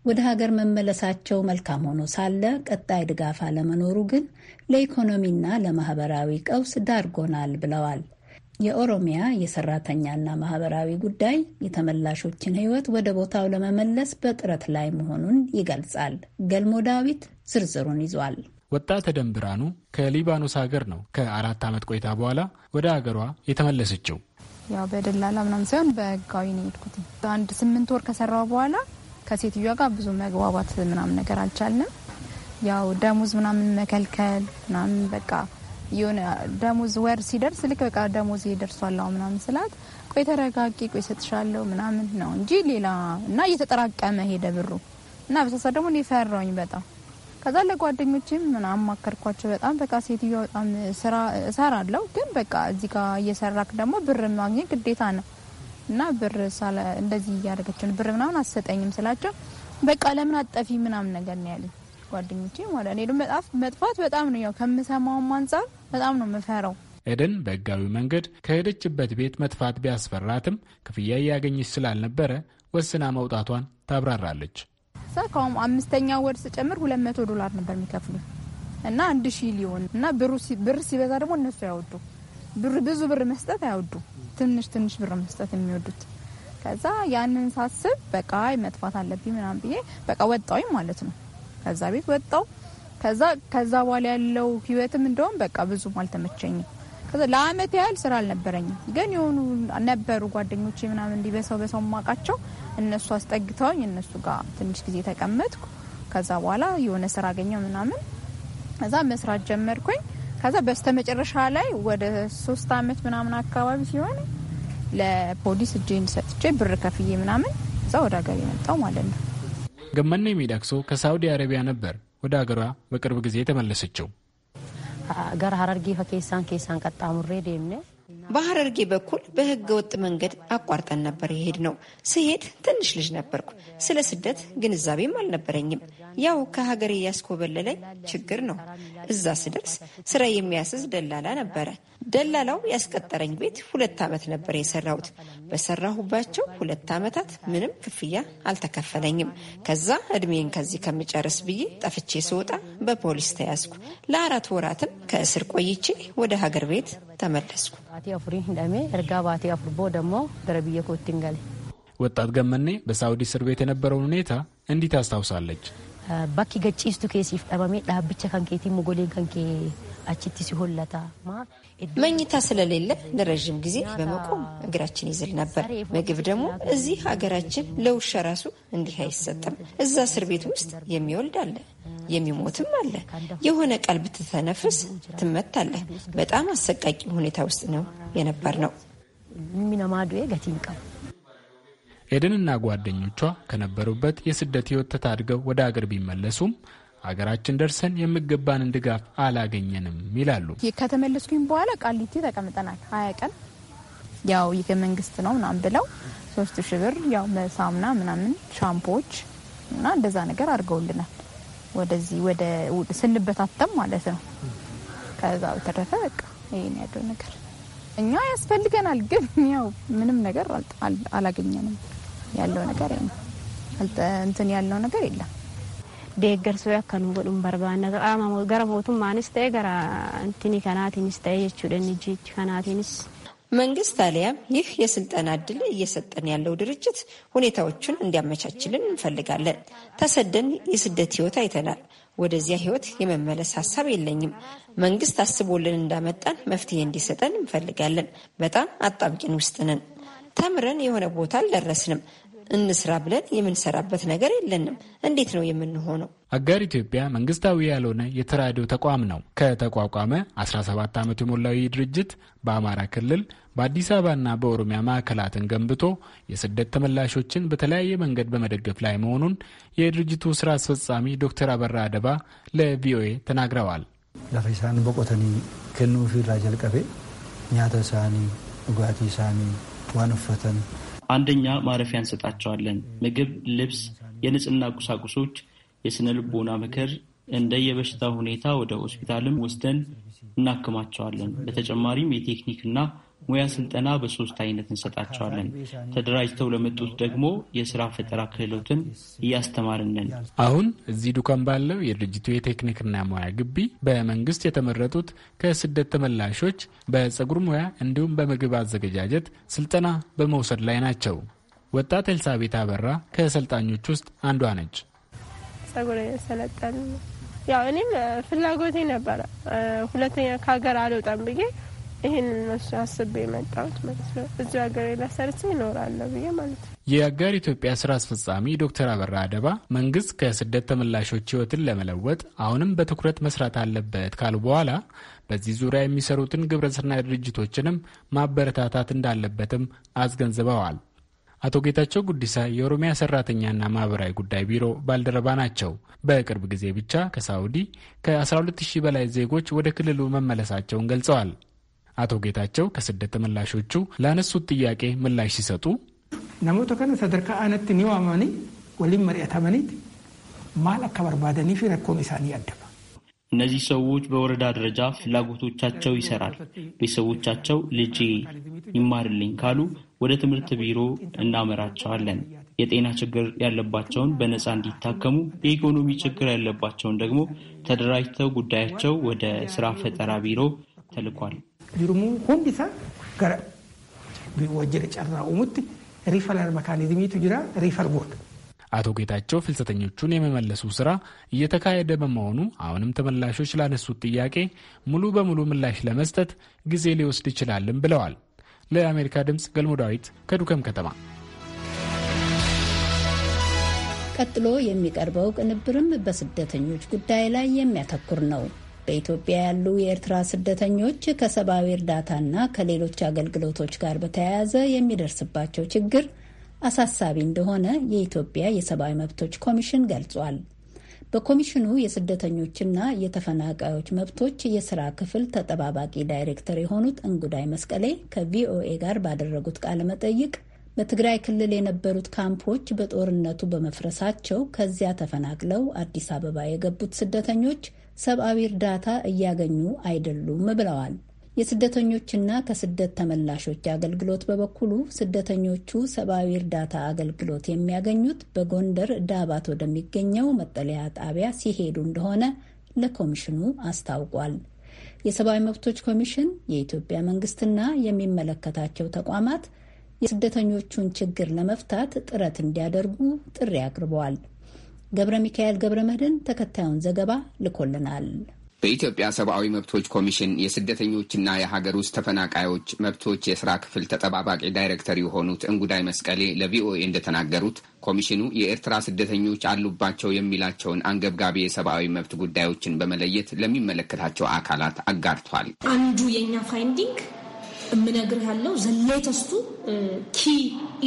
ወደ ሀገር መመለሳቸው መልካም ሆኖ ሳለ ቀጣይ ድጋፍ አለመኖሩ ግን ለኢኮኖሚና ለማህበራዊ ቀውስ ዳርጎናል ብለዋል። የኦሮሚያ የሰራተኛና ማህበራዊ ጉዳይ የተመላሾችን ሕይወት ወደ ቦታው ለመመለስ በጥረት ላይ መሆኑን ይገልጻል። ገልሞ ዳዊት ዝርዝሩን ይዟል። ወጣት ደንብራኑ ከሊባኖስ ሀገር ነው ከአራት ዓመት ቆይታ በኋላ ወደ ሀገሯ የተመለሰችው። ያው በደላላ ምናምን ሳይሆን በህጋዊ ነው የሄድኩት። አንድ ስምንት ወር ከሰራው በኋላ ከሴትዮዋ ጋር ብዙ መግባባት ምናምን ነገር አልቻልንም። ያው ደሞዝ ምናምን መከልከል ምናምን በቃ የሆነ ደሞዝ ወር ሲደርስ ልክ በቃ ደሞዝ ይደርሷለሁ ምናምን ስላት ቆይ ተረጋጊ፣ ቆይ ሰጥሻለሁ ምናምን ነው እንጂ ሌላ እና እየተጠራቀመ ሄደ ብሩ እና በሳሳ ደግሞ ሊፈራውኝ በጣም ከዛ ለጓደኞችም ምን አማከርኳቸው። በጣም በቃ ሴትዮዋ በጣም ስራ እሰራለሁ፣ ግን በቃ እዚህ ጋር እየሰራክ ደግሞ ብር ማግኘት ግዴታ ነው እና ብር እንደዚህ እያደረገችን ብር ምናምን አሰጠኝም ስላቸው በቃ ለምን አጠፊ ምናምን ነገር ነው ያለኝ ጓደኞቼ ማለት እኔ ደግሞ መጥፋት በጣም ነው ያው ከምሰማውም አንጻር በጣም ነው ምፈራው። ኤደን በህጋዊ መንገድ ከሄደችበት ቤት መጥፋት ቢያስፈራትም ክፍያ እያገኘች ስላልነበረ ወስና መውጣቷን ታብራራለች። ሳ ከሁም አምስተኛ ወር ስጨምር ሁለት መቶ ዶላር ነበር የሚከፍሉ እና አንድ ሺህ ሊሆን እና ብር ሲበዛ ደግሞ እነሱ አያወዱ ብር ብዙ ብር መስጠት አያወዱ ትንሽ ትንሽ ብር መስጠት የሚወዱት። ከዛ ያንን ሳስብ በቃ መጥፋት አለብኝ ምናምን ብዬ በቃ ወጣውኝ ማለት ነው። ከዛ ቤት ወጣው። ከዛ ከዛ በኋላ ያለው ህይወትም እንደውም በቃ ብዙም አልተመቸኝም። ከዛ ለአመት ያህል ስራ አልነበረኝም፣ ግን የሆኑ ነበሩ ጓደኞቼ ምናምን እንዲህ በሰው በሰው ማቃቸው እነሱ አስጠግተውኝ እነሱ ጋር ትንሽ ጊዜ ተቀመጥኩ። ከዛ በኋላ የሆነ ስራ አገኘው ምናምን ከዛ መስራት ጀመርኩኝ። ከዛ በስተመጨረሻ ላይ ወደ ሶስት አመት ምናምን አካባቢ ሲሆን ለፖሊስ እጄን ሰጥቼ ብር ከፍዬ ምናምን እዛ ወደ ሀገር የመጣው ማለት ነው። ገመና የሚዳክሶ ከሳውዲ አረቢያ ነበር ወደ ሀገሯ በቅርብ ጊዜ የተመለሰችው። ገር ሀረርጌ ከኬሳን ኬሳን ቀጣሙሬ ደምኔ በሐረርጌ በኩል በህገ ወጥ መንገድ አቋርጠን ነበር የሄድ ነው። ስሄድ ትንሽ ልጅ ነበርኩ። ስለ ስደት ግንዛቤም አልነበረኝም። ያው ከሀገሬ ያስኮበለለኝ ችግር ነው። እዛ ስደርስ ስራ የሚያስዝ ደላላ ነበረ። ደላላው ያስቀጠረኝ ቤት ሁለት ዓመት ነበር የሰራሁት። በሰራሁባቸው ሁለት ዓመታት ምንም ክፍያ አልተከፈለኝም። ከዛ እድሜን ከዚህ ከምጨርስ ብዬ ጠፍቼ ስወጣ በፖሊስ ተያዝኩ። ለአራት ወራትም ከእስር ቆይቼ ወደ ሀገር ቤት ተመለስኩ። ወጣት ገመኔ በሳውዲ እስር ቤት የነበረውን ሁኔታ እንዲህ ታስታውሳለች። ባኪ ገጭስቱ ኬሲፍ ጠበሜ ዳብቸ ከንኬቲ ሞጎሌን ከንኬ መኝታ ስለሌለ ለረዥም ጊዜ በመቆም እግራችን ይዝል ነበር። ምግብ ደግሞ እዚህ ሀገራችን ለውሻ ራሱ እንዲህ አይሰጥም። እዛ እስር ቤት ውስጥ የሚወልድ አለ፣ የሚሞትም አለ። የሆነ ቃል ብትተነፍስ አለ በጣም አሰቃቂ ሁኔታ ውስጥ ነው የነበር ነው። ኤደንና ጓደኞቿ ከነበሩበት የስደት ህይወት ተታድገው ወደ አገር ቢመለሱም አገራችን ደርሰን የሚገባንን ድጋፍ አላገኘንም ይላሉ። ከተመለስኩኝ በኋላ ቃሊቲ ተቀምጠናል ሀያ ቀን ያው ይህ መንግስት ነው ምናምን ብለው ሶስት ሺ ብር ያው ሳሙና ምናምን ሻምፖዎች እና እንደዛ ነገር አድርገውልናል። ወደዚህ ወደ ስንበታተም ማለት ነው። ከዛ በተረፈ በቃ ይህን ያለው ነገር እኛ ያስፈልገናል፣ ግን ያው ምንም ነገር አላገኘንም። ያለው ነገር እንትን ያለው ነገር የለም። deeggarsoo akka nu godhuun barbaanna qaama gara mootummaanis ta'e gara intini kanaatiinis ta'e jechuudha inni jiichi kanaatiinis. መንግስት አሊያም ይህ የስልጠና እድል እየሰጠን ያለው ድርጅት ሁኔታዎቹን እንዲያመቻችልን እንፈልጋለን። ተሰደን የስደት ህይወት አይተናል። ወደዚያ ህይወት የመመለስ ሀሳብ የለኝም። መንግስት አስቦልን እንዳመጣን መፍትሄ እንዲሰጠን እንፈልጋለን። በጣም አጣብቂን ውስጥ ነን። ተምረን የሆነ ቦታ አልደረስንም። እንስራ ብለን የምንሰራበት ነገር የለንም። እንዴት ነው የምንሆነው? አጋር ኢትዮጵያ መንግስታዊ ያልሆነ የተራድኦ ተቋም ነው። ከተቋቋመ 17 ዓመት የሞላው ይህ ድርጅት በአማራ ክልል በአዲስ አበባና በኦሮሚያ ማዕከላትን ገንብቶ የስደት ተመላሾችን በተለያየ መንገድ በመደገፍ ላይ መሆኑን የድርጅቱ ስራ አስፈጻሚ ዶክተር አበራ አደባ ለቪኦኤ ተናግረዋል። ለፈሳን በቆተኒ ከንፊ ራ ጀልቀቤ ኛተ ሳኒ ሳኒ አንደኛ ማረፊያ እንሰጣቸዋለን። ምግብ፣ ልብስ፣ የንጽህና ቁሳቁሶች፣ የስነ ልቦና ምክር እንደ የበሽታ ሁኔታ ወደ ሆስፒታልም ወስደን እናክማቸዋለን። በተጨማሪም የቴክኒክና ሙያ ስልጠና በሶስት አይነት እንሰጣቸዋለን። ተደራጅተው ለመጡት ደግሞ የስራ ፈጠራ ክህሎትን እያስተማርንን። አሁን እዚህ ዱካን ባለው የድርጅቱ የቴክኒክና ሙያ ግቢ በመንግስት የተመረጡት ከስደት ተመላሾች በጸጉር ሙያ እንዲሁም በምግብ አዘገጃጀት ስልጠና በመውሰድ ላይ ናቸው። ወጣት ኤልሳቤት አበራ ከሰልጣኞች ውስጥ አንዷ ነች። ጸጉር የሰለጠን ያው እኔም ፍላጎቴ ነበረ ሁለተኛ ከሀገር አልወጣም ብዬ ይህንን መስ አስቤ የመጣሁት ማለት ነው። እዚ ሀገር ላሰርቼ ይኖራለ ብዬ ማለት ነው። የአጋር ኢትዮጵያ ስራ አስፈጻሚ ዶክተር አበራ አደባ መንግስት ከስደት ተመላሾች ህይወትን ለመለወጥ አሁንም በትኩረት መስራት አለበት ካሉ በኋላ በዚህ ዙሪያ የሚሰሩትን ግብረሰናይ ድርጅቶችንም ማበረታታት እንዳለበትም አስገንዝበዋል። አቶ ጌታቸው ጉዲሳ የኦሮሚያ ሰራተኛና ማህበራዊ ጉዳይ ቢሮ ባልደረባ ናቸው። በቅርብ ጊዜ ብቻ ከሳውዲ ከ12000 በላይ ዜጎች ወደ ክልሉ መመለሳቸውን ገልጸዋል። አቶ ጌታቸው ከስደት ተመላሾቹ ላነሱት ጥያቄ ምላሽ ሲሰጡ namoota ከነ ሰደርካ አነት ኒዋማኒ ወሊም waliin mari'atamaniiti maal akka barbaadanii fi rakkoon isaanii እነዚህ ሰዎች በወረዳ ደረጃ ፍላጎቶቻቸው ይሰራል። ቤተሰቦቻቸው ልጄ ይማርልኝ ካሉ ወደ ትምህርት ቢሮ እናመራቸዋለን። የጤና ችግር ያለባቸውን በነፃ እንዲታከሙ፣ የኢኮኖሚ ችግር ያለባቸውን ደግሞ ተደራጅተው ጉዳያቸው ወደ ስራ ፈጠራ ቢሮ ተልኳል። jirumu hundi gara jedhe carraa uumutti ሪፈራል መካኒዝሚቱ ጅራ ሪፈር ቦርድ አቶ ጌታቸው ፍልሰተኞቹን የመመለሱ ስራ እየተካሄደ በመሆኑ አሁንም ተመላሾች ላነሱት ጥያቄ ሙሉ በሙሉ ምላሽ ለመስጠት ጊዜ ሊወስድ ይችላልም ብለዋል። ለአሜሪካ ድምፅ ገልሞ ዳዊት ከዱከም ከተማ። ቀጥሎ የሚቀርበው ቅንብርም በስደተኞች ጉዳይ ላይ የሚያተኩር ነው። በኢትዮጵያ ያሉ የኤርትራ ስደተኞች ከሰብአዊ እርዳታና ከሌሎች አገልግሎቶች ጋር በተያያዘ የሚደርስባቸው ችግር አሳሳቢ እንደሆነ የኢትዮጵያ የሰብአዊ መብቶች ኮሚሽን ገልጿል። በኮሚሽኑ የስደተኞችና የተፈናቃዮች መብቶች የስራ ክፍል ተጠባባቂ ዳይሬክተር የሆኑት እንጉዳይ መስቀሌ ከቪኦኤ ጋር ባደረጉት ቃለ መጠይቅ በትግራይ ክልል የነበሩት ካምፖች በጦርነቱ በመፍረሳቸው ከዚያ ተፈናቅለው አዲስ አበባ የገቡት ስደተኞች ሰብአዊ እርዳታ እያገኙ አይደሉም ብለዋል። የስደተኞችና ከስደት ተመላሾች አገልግሎት በበኩሉ ስደተኞቹ ሰብአዊ እርዳታ አገልግሎት የሚያገኙት በጎንደር ዳባት ወደሚገኘው መጠለያ ጣቢያ ሲሄዱ እንደሆነ ለኮሚሽኑ አስታውቋል። የሰብአዊ መብቶች ኮሚሽን፣ የኢትዮጵያ መንግስትና የሚመለከታቸው ተቋማት የስደተኞቹን ችግር ለመፍታት ጥረት እንዲያደርጉ ጥሪ አቅርበዋል። ገብረ ሚካኤል ገብረ መድህን ተከታዩን ዘገባ ልኮልናል። በኢትዮጵያ ሰብአዊ መብቶች ኮሚሽን የስደተኞችና የሀገር ውስጥ ተፈናቃዮች መብቶች የስራ ክፍል ተጠባባቂ ዳይሬክተር የሆኑት እንጉዳይ መስቀሌ ለቪኦኤ እንደተናገሩት ኮሚሽኑ የኤርትራ ስደተኞች አሉባቸው የሚላቸውን አንገብጋቢ የሰብአዊ መብት ጉዳዮችን በመለየት ለሚመለከታቸው አካላት አጋርቷል። አንዱ የኛ ፋይንዲንግ የምነግርህ ያለው ዘሌተስቱ ኪ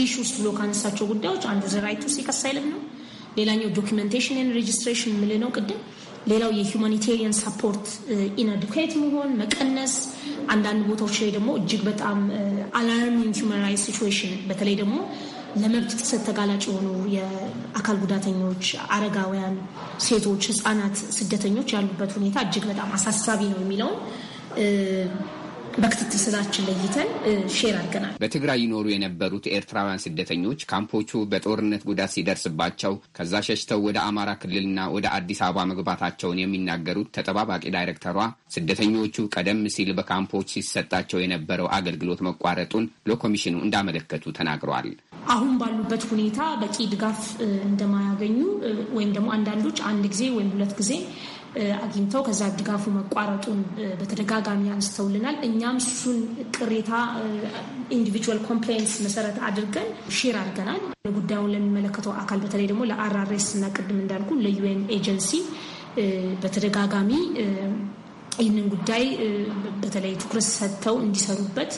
ኢሹስ ብሎ ካነሳቸው ጉዳዮች አንዱ ዘራይቱ ሲከስ ቱ ነው ሌላኛው ዶኪመንቴሽንን ሬጅስትሬሽን የምልነው ቅድም ሌላው የሁማኒቴሪያን ሳፖርት ኢንአዱኬት መሆን መቀነስ፣ አንዳንድ ቦታዎች ላይ ደግሞ እጅግ በጣም አላርሚንግ ሁማን ራይትስ ሲቹዌሽን በተለይ ደግሞ ለመብት ጥሰት ተጋላጭ የሆኑ የአካል ጉዳተኞች፣ አረጋውያን፣ ሴቶች፣ ህጻናት፣ ስደተኞች ያሉበት ሁኔታ እጅግ በጣም አሳሳቢ ነው የሚለውን uh, በክትትል ስራችን ለይተን ሼር አድርገናል። በትግራይ ይኖሩ የነበሩት ኤርትራውያን ስደተኞች ካምፖቹ በጦርነት ጉዳት ሲደርስባቸው ከዛ ሸሽተው ወደ አማራ ክልልና ወደ አዲስ አበባ መግባታቸውን የሚናገሩት ተጠባባቂ ዳይሬክተሯ ስደተኞቹ ቀደም ሲል በካምፖች ሲሰጣቸው የነበረው አገልግሎት መቋረጡን ለኮሚሽኑ እንዳመለከቱ ተናግረዋል። አሁን ባሉበት ሁኔታ በቂ ድጋፍ እንደማያገኙ ወይም ደግሞ አንዳንዶች አንድ ጊዜ ወይም ሁለት ጊዜ አግኝተው ከዛ ድጋፉ መቋረጡን በተደጋጋሚ አንስተውልናል። እኛም እሱን ቅሬታ ኢንዲቪጁዋል ኮምፕሌንስ መሰረት አድርገን ሼር አድርገናል። ጉዳዩን ለሚመለከተው አካል በተለይ ደግሞ ለአራሬስ እና ቅድም እንዳልኩ ለዩኤን ኤጀንሲ በተደጋጋሚ ይህንን ጉዳይ በተለይ ትኩረት ሰጥተው እንዲሰሩበት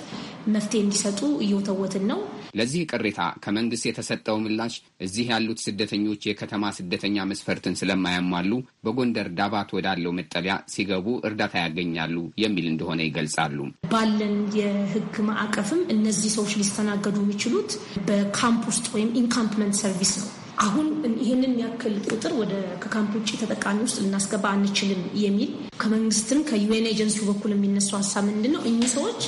መፍትሄ እንዲሰጡ እየወተወትን ነው። ለዚህ ቅሬታ ከመንግስት የተሰጠው ምላሽ እዚህ ያሉት ስደተኞች የከተማ ስደተኛ መስፈርትን ስለማያሟሉ በጎንደር ዳባት ወዳለው መጠለያ ሲገቡ እርዳታ ያገኛሉ የሚል እንደሆነ ይገልጻሉ። ባለን የህግ ማዕቀፍም እነዚህ ሰዎች ሊስተናገዱ የሚችሉት በካምፕ ውስጥ ወይም ኢንካምፕመንት ሰርቪስ ነው። አሁን ይህንን ያክል ቁጥር ወደ ከካምፕ ውጭ ተጠቃሚ ውስጥ ልናስገባ አንችልም የሚል ከመንግስትም ከዩኤን ኤጀንሲው በኩል የሚነሱ ሀሳብ ምንድን ነው? እኚህ ሰዎች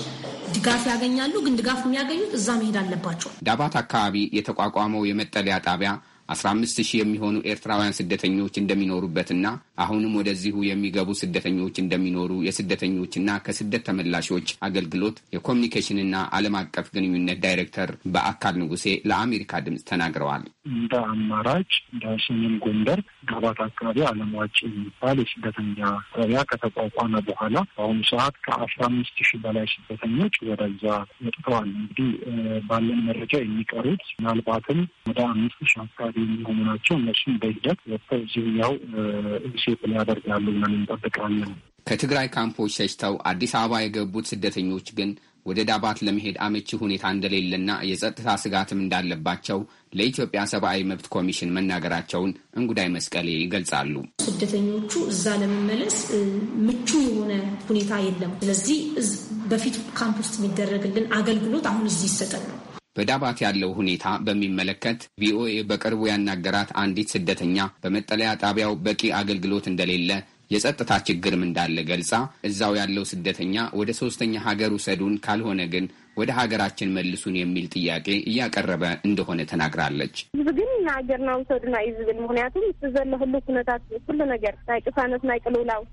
ድጋፍ ያገኛሉ። ግን ድጋፍ የሚያገኙት እዛ መሄድ አለባቸው። ዳባት አካባቢ የተቋቋመው የመጠለያ ጣቢያ 15 ሺህ የሚሆኑ ኤርትራውያን ስደተኞች እንደሚኖሩበትና አሁንም ወደዚሁ የሚገቡ ስደተኞች እንደሚኖሩ የስደተኞችና ከስደት ተመላሾች አገልግሎት የኮሚኒኬሽንና ዓለም አቀፍ ግንኙነት ዳይሬክተር በአካል ንጉሴ ለአሜሪካ ድምፅ ተናግረዋል። እንደ አማራጭ በሰሜን ጎንደር ጋባት አካባቢ ዓለም የሚባል የስደተኛ ጣቢያ ከተቋቋመ በኋላ በአሁኑ ሰዓት ከአስራ አምስት ሺህ በላይ ስደተኞች ወደዛ ወጥተዋል። እንግዲህ ባለን መረጃ የሚቀሩት ምናልባትም ወደ አምስት ሺህ አካባቢ የሚሆኑ ናቸው። እነሱም በሂደት ከዚህኛው ሴት ያደርጋሉ ብለን እንጠብቃለን። ከትግራይ ካምፖች ሸሽተው አዲስ አበባ የገቡት ስደተኞች ግን ወደ ዳባት ለመሄድ አመቺ ሁኔታ እንደሌለና የጸጥታ ስጋትም እንዳለባቸው ለኢትዮጵያ ሰብአዊ መብት ኮሚሽን መናገራቸውን እንጉዳይ መስቀሌ ይገልጻሉ። ስደተኞቹ እዛ ለመመለስ ምቹ የሆነ ሁኔታ የለም። ስለዚህ በፊት ካምፕ ውስጥ የሚደረግልን አገልግሎት አሁን እዚህ ይሰጠል ነው በዳባት ያለው ሁኔታ በሚመለከት ቪኦኤ በቅርቡ ያናገራት አንዲት ስደተኛ በመጠለያ ጣቢያው በቂ አገልግሎት እንደሌለ የጸጥታ ችግርም እንዳለ ገልጻ እዛው ያለው ስደተኛ ወደ ሶስተኛ ሀገር ውሰዱን፣ ካልሆነ ግን ወደ ሀገራችን መልሱን የሚል ጥያቄ እያቀረበ እንደሆነ ተናግራለች። ህዝብ ግን ውሰዱ ና አይዝብል። ምክንያቱም ዘለ ሁሉ ኩነታት ሁሉ ነገር ናይ ቅሳነት ናይ ቅልውላው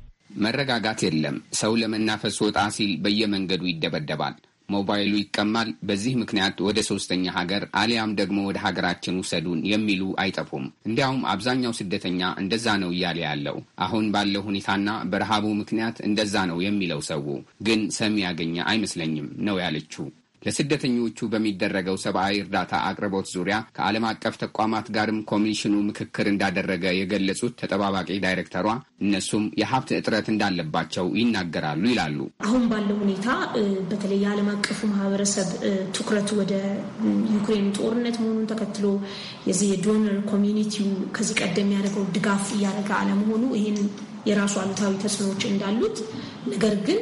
መረጋጋት የለም። ሰው ለመናፈስ ወጣ ሲል በየመንገዱ ይደበደባል። ሞባይሉ ይቀማል። በዚህ ምክንያት ወደ ሶስተኛ ሀገር አሊያም ደግሞ ወደ ሀገራችን ውሰዱን የሚሉ አይጠፉም። እንዲያውም አብዛኛው ስደተኛ እንደዛ ነው እያለ ያለው አሁን ባለው ሁኔታና በረሃቡ ምክንያት እንደዛ ነው የሚለው ሰው ግን ሰሚ ያገኘ አይመስለኝም ነው ያለችው ለስደተኞቹ በሚደረገው ሰብአዊ እርዳታ አቅርቦት ዙሪያ ከዓለም አቀፍ ተቋማት ጋርም ኮሚሽኑ ምክክር እንዳደረገ የገለጹት ተጠባባቂ ዳይሬክተሯ እነሱም የሀብት እጥረት እንዳለባቸው ይናገራሉ ይላሉ። አሁን ባለው ሁኔታ በተለይ የዓለም አቀፉ ማህበረሰብ ትኩረት ወደ ዩክሬን ጦርነት መሆኑን ተከትሎ የዚህ የዶነር ኮሚኒቲው ከዚህ ቀደም ያደረገው ድጋፍ እያደረገ አለመሆኑ ይህን የራሱ አሉታዊ ተጽዕኖዎች እንዳሉት ነገር ግን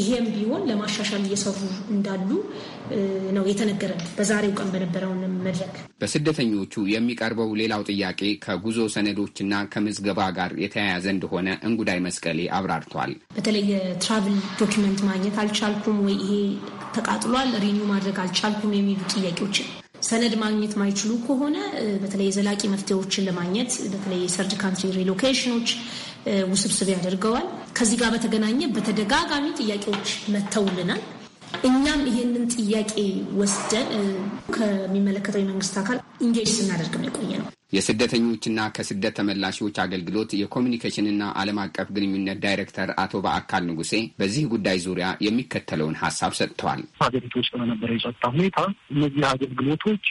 ይሄም ቢሆን ለማሻሻል እየሰሩ እንዳሉ ነው የተነገረን በዛሬው ቀን በነበረውን መድረክ። በስደተኞቹ የሚቀርበው ሌላው ጥያቄ ከጉዞ ሰነዶችና ከምዝገባ ጋር የተያያዘ እንደሆነ እንጉዳይ መስቀሌ አብራርቷል። በተለይ የትራቭል ዶኪመንት ማግኘት አልቻልኩም ወይ፣ ይሄ ተቃጥሏል፣ ሪኒው ማድረግ አልቻልኩም የሚሉ ጥያቄዎችን ሰነድ ማግኘት ማይችሉ ከሆነ በተለይ የዘላቂ መፍትሄዎችን ለማግኘት በተለይ የሰርድ ካንትሪ ሪሎኬሽኖች ውስብስብ ያደርገዋል። ከዚህ ጋር በተገናኘ በተደጋጋሚ ጥያቄዎች መተውልናል። እኛም ይህንን ጥያቄ ወስደን ከሚመለከተው የመንግስት አካል እንጌጅ ስናደርግ ነው የቆየ ነው። የስደተኞችና ከስደት ተመላሾች አገልግሎት የኮሚኒኬሽንና ዓለም አቀፍ ግንኙነት ዳይሬክተር አቶ በአካል ንጉሴ በዚህ ጉዳይ ዙሪያ የሚከተለውን ሀሳብ ሰጥተዋል። ሀገሪቱ ውስጥ በነበረ የጸጥታ ሁኔታ እነዚህ አገልግሎቶች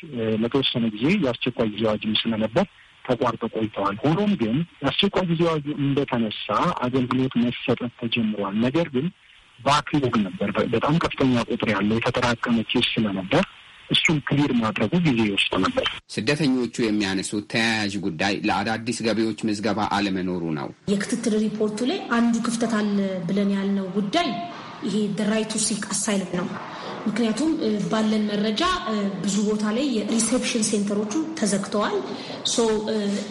ለተወሰነ ጊዜ የአስቸኳይ ጊዜ አዋጅም ስለነበር ተቋርጦ ቆይተዋል። ሆኖም ግን አስቸኳይ ጊዜ አዋጁ እንደተነሳ አገልግሎት መሰጠት ተጀምሯል። ነገር ግን ባክሎግ ነበር፣ በጣም ከፍተኛ ቁጥር ያለው የተጠራቀመ ኬስ ስለነበር እሱን ክሊር ማድረጉ ጊዜ ይወስድ ነበር። ስደተኞቹ የሚያነሱት ተያያዥ ጉዳይ ለአዳዲስ ገቢዎች ምዝገባ አለመኖሩ ነው። የክትትል ሪፖርቱ ላይ አንዱ ክፍተት አለ ብለን ያልነው ጉዳይ ይሄ ራይት ቱ ሲክ አሳይለም ነው። ምክንያቱም ባለን መረጃ ብዙ ቦታ ላይ የሪሴፕሽን ሴንተሮቹ ተዘግተዋል።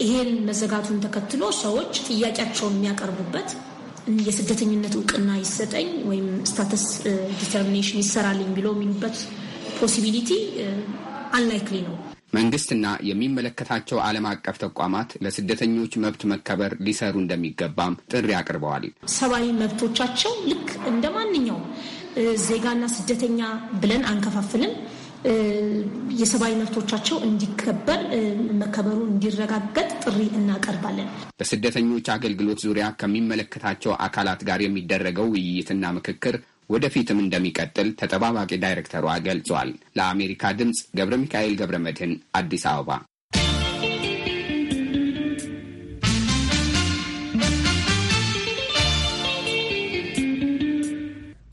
ይሄን መዘጋቱን ተከትሎ ሰዎች ጥያቄያቸውን የሚያቀርቡበት የስደተኝነት እውቅና ይሰጠኝ ወይም ስታተስ ዲተርሚኔሽን ይሰራልኝ ብለው የሚሉበት ፖሲቢሊቲ አንላይክሊ ነው። መንግስትና የሚመለከታቸው ዓለም አቀፍ ተቋማት ለስደተኞች መብት መከበር ሊሰሩ እንደሚገባም ጥሪ አቅርበዋል። ሰብአዊ መብቶቻቸው ልክ እንደ ማንኛውም ዜጋና ስደተኛ ብለን አንከፋፍልን። የሰብአዊ መብቶቻቸው እንዲከበር መከበሩ እንዲረጋገጥ ጥሪ እናቀርባለን። በስደተኞች አገልግሎት ዙሪያ ከሚመለከታቸው አካላት ጋር የሚደረገው ውይይትና ምክክር ወደፊትም እንደሚቀጥል ተጠባባቂ ዳይሬክተሯ ገልጿል። ለአሜሪካ ድምፅ ገብረ ሚካኤል ገብረ መድህን አዲስ አበባ።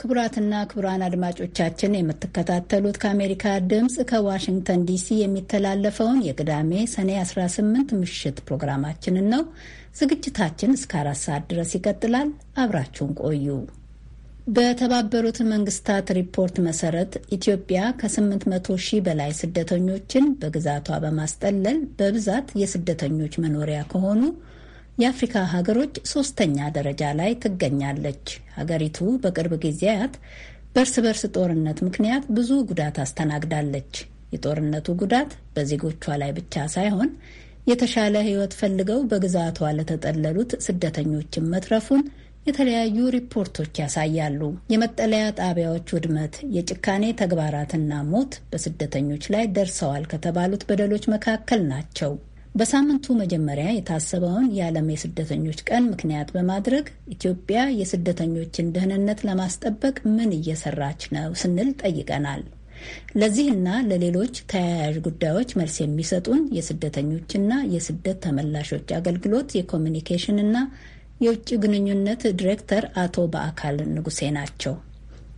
ክቡራትና ክቡራን አድማጮቻችን የምትከታተሉት ከአሜሪካ ድምፅ ከዋሽንግተን ዲሲ የሚተላለፈውን የቅዳሜ ሰኔ 18 ምሽት ፕሮግራማችንን ነው። ዝግጅታችን እስከ አራት ሰዓት ድረስ ይቀጥላል። አብራችሁን ቆዩ። በተባበሩት መንግስታት ሪፖርት መሰረት ኢትዮጵያ ከ800 ሺህ በላይ ስደተኞችን በግዛቷ በማስጠለል በብዛት የስደተኞች መኖሪያ ከሆኑ የአፍሪካ ሀገሮች ሶስተኛ ደረጃ ላይ ትገኛለች። ሀገሪቱ በቅርብ ጊዜያት በእርስ በርስ ጦርነት ምክንያት ብዙ ጉዳት አስተናግዳለች። የጦርነቱ ጉዳት በዜጎቿ ላይ ብቻ ሳይሆን የተሻለ ሕይወት ፈልገው በግዛቷ ለተጠለሉት ስደተኞችን መትረፉን የተለያዩ ሪፖርቶች ያሳያሉ። የመጠለያ ጣቢያዎች ውድመት፣ የጭካኔ ተግባራትና ሞት በስደተኞች ላይ ደርሰዋል ከተባሉት በደሎች መካከል ናቸው። በሳምንቱ መጀመሪያ የታሰበውን የዓለም የስደተኞች ቀን ምክንያት በማድረግ ኢትዮጵያ የስደተኞችን ደህንነት ለማስጠበቅ ምን እየሰራች ነው ስንል ጠይቀናል። ለዚህና ለሌሎች ተያያዥ ጉዳዮች መልስ የሚሰጡን የስደተኞችና የስደት ተመላሾች አገልግሎት የኮሚኒኬሽንና የውጭ ግንኙነት ዲሬክተር አቶ በአካል ንጉሴ ናቸው።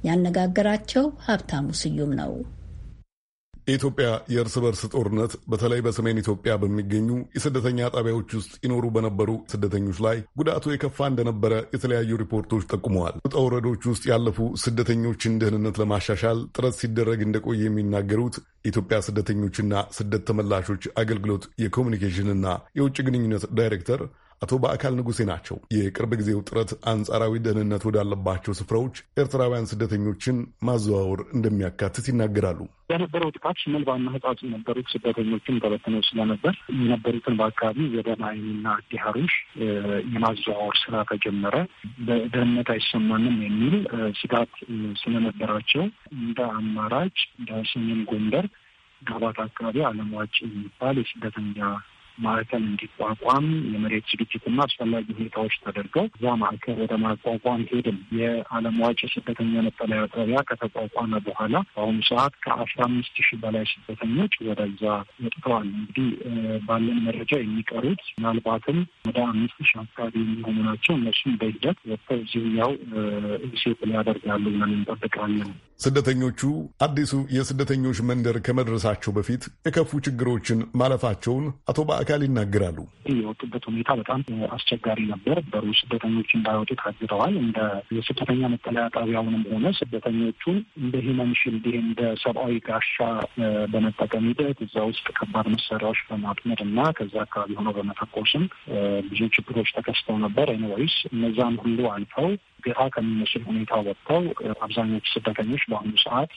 ያነጋገራቸው ሀብታሙ ስዩም ነው። የኢትዮጵያ የእርስ በርስ ጦርነት በተለይ በሰሜን ኢትዮጵያ በሚገኙ የስደተኛ ጣቢያዎች ውስጥ ይኖሩ በነበሩ ስደተኞች ላይ ጉዳቱ የከፋ እንደነበረ የተለያዩ ሪፖርቶች ጠቁመዋል። ውጣ ውረዶች ውስጥ ያለፉ ስደተኞችን ደህንነት ለማሻሻል ጥረት ሲደረግ እንደቆየ የሚናገሩት የኢትዮጵያ ስደተኞችና ስደት ተመላሾች አገልግሎት የኮሚኒኬሽንና የውጭ ግንኙነት ዳይሬክተር አቶ በአካል ንጉሴ ናቸው። የቅርብ ጊዜው ጥረት አንጻራዊ ደህንነት ወዳለባቸው ስፍራዎች ኤርትራውያን ስደተኞችን ማዘዋወር እንደሚያካትት ይናገራሉ። በነበረው ጥቃት መልባና ህጻጽ የነበሩት ስደተኞችን ተበትነው ስለነበር የነበሩትን በአካባቢ ወደ ማይኒና ዲሃሩሽ የማዘዋወር ስራ ተጀመረ። በደህንነት አይሰማንም የሚል ስጋት ስለነበራቸው እንደ አማራጭ እንደ ጎንደር ጋባት አካባቢ አለምዋጭ የሚባል የስደተኛ ማዕከል እንዲቋቋም የመሬት ዝግጅትና አስፈላጊ ሁኔታዎች ተደርገው እዛ ማዕከል ወደ ማቋቋም ሄድም። የዓለም ዋጭ ስደተኛ መጠለያ ጣቢያ ከተቋቋመ በኋላ በአሁኑ ሰዓት ከአስራ አምስት ሺህ በላይ ስደተኞች ወደዛ ወጥተዋል። እንግዲህ ባለን መረጃ የሚቀሩት ምናልባትም ወደ አምስት ሺህ አካባቢ የሚሆኑ ናቸው። እነሱም በሂደት ወጥተው እዚህ ያው እሴት ሊያደርጋሉ ብለን እንጠብቃለን። ስደተኞቹ አዲሱ የስደተኞች መንደር ከመድረሳቸው በፊት የከፉ ችግሮችን ማለፋቸውን አቶ በአካል ይናገራሉ። የወጡበት ሁኔታ በጣም አስቸጋሪ ነበር። በሩ ስደተኞች እንዳይወጡ ታግተዋል። እንደ የስደተኛ መጠለያ ጣቢያውንም ሆነ ስደተኞቹን እንደ ሂመን ሽልድ እንደ ሰብአዊ ጋሻ በመጠቀም ሂደት እዛ ውስጥ ከባድ መሳሪያዎች በማጥመድ እና ከዛ አካባቢ ሆነው በመተኮስም ብዙ ችግሮች ተከስተው ነበር። ኤኒዌይስ እነዛን ሁሉ አልፈው ግራ ከሚመስል ሁኔታ ወጥተው አብዛኞቹ ስደተኞች በአሁኑ ሰዓት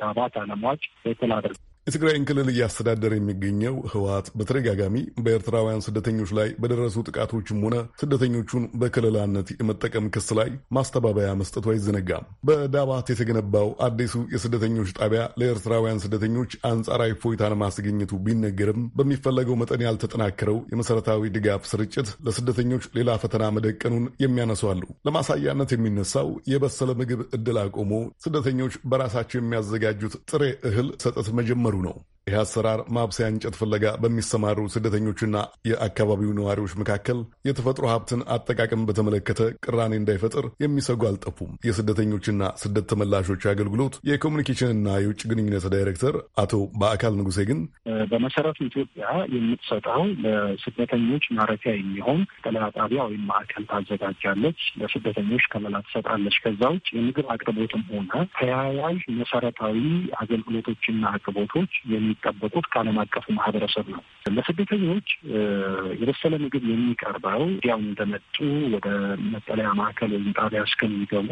ዳባት አለሟች የተላደርጉ የትግራይን ክልል እያስተዳደረ የሚገኘው ህወሀት በተደጋጋሚ በኤርትራውያን ስደተኞች ላይ በደረሱ ጥቃቶችም ሆነ ስደተኞቹን በክልላነት የመጠቀም ክስ ላይ ማስተባበያ መስጠቱ አይዘነጋም። በዳባት የተገነባው አዲሱ የስደተኞች ጣቢያ ለኤርትራውያን ስደተኞች አንጻራዊ ፎይታን ማስገኘቱ ቢነገርም በሚፈለገው መጠን ያልተጠናከረው የመሰረታዊ ድጋፍ ስርጭት ለስደተኞች ሌላ ፈተና መደቀኑን የሚያነሱ አሉ። ለማሳያነት የሚነሳው የበሰለ ምግብ ዕድል አቆሞ ስደተኞች በራሳቸው የሚያዘጋጁት ጥሬ እህል ሰጠት መጀመሩ Bruno 1 ይህ አሰራር ማብሰያ እንጨት ፍለጋ በሚሰማሩ ስደተኞችና የአካባቢው ነዋሪዎች መካከል የተፈጥሮ ሀብትን አጠቃቀም በተመለከተ ቅራኔ እንዳይፈጥር የሚሰጉ አልጠፉም። የስደተኞችና ስደት ተመላሾች አገልግሎት የኮሚኒኬሽንና የውጭ ግንኙነት ዳይሬክተር አቶ በአካል ንጉሴ ግን በመሰረቱ ኢትዮጵያ የምትሰጠው ለስደተኞች ማረፊያ የሚሆን ጠለላ ጣቢያ ወይም ማዕከል ታዘጋጃለች፣ ለስደተኞች ከለላ ትሰጣለች። ከዛ ውጭ የምግብ አቅርቦትም ሆነ ተያያዥ መሰረታዊ አገልግሎቶችና አቅርቦቶች የሚ የሚጠበቁት ከዓለም አቀፉ ማህበረሰብ ነው። ለስደተኞች የበሰለ ምግብ የሚቀርበው ያው እንደመጡ ወደ መጠለያ ማዕከል ወይም ጣቢያ እስከሚገቡ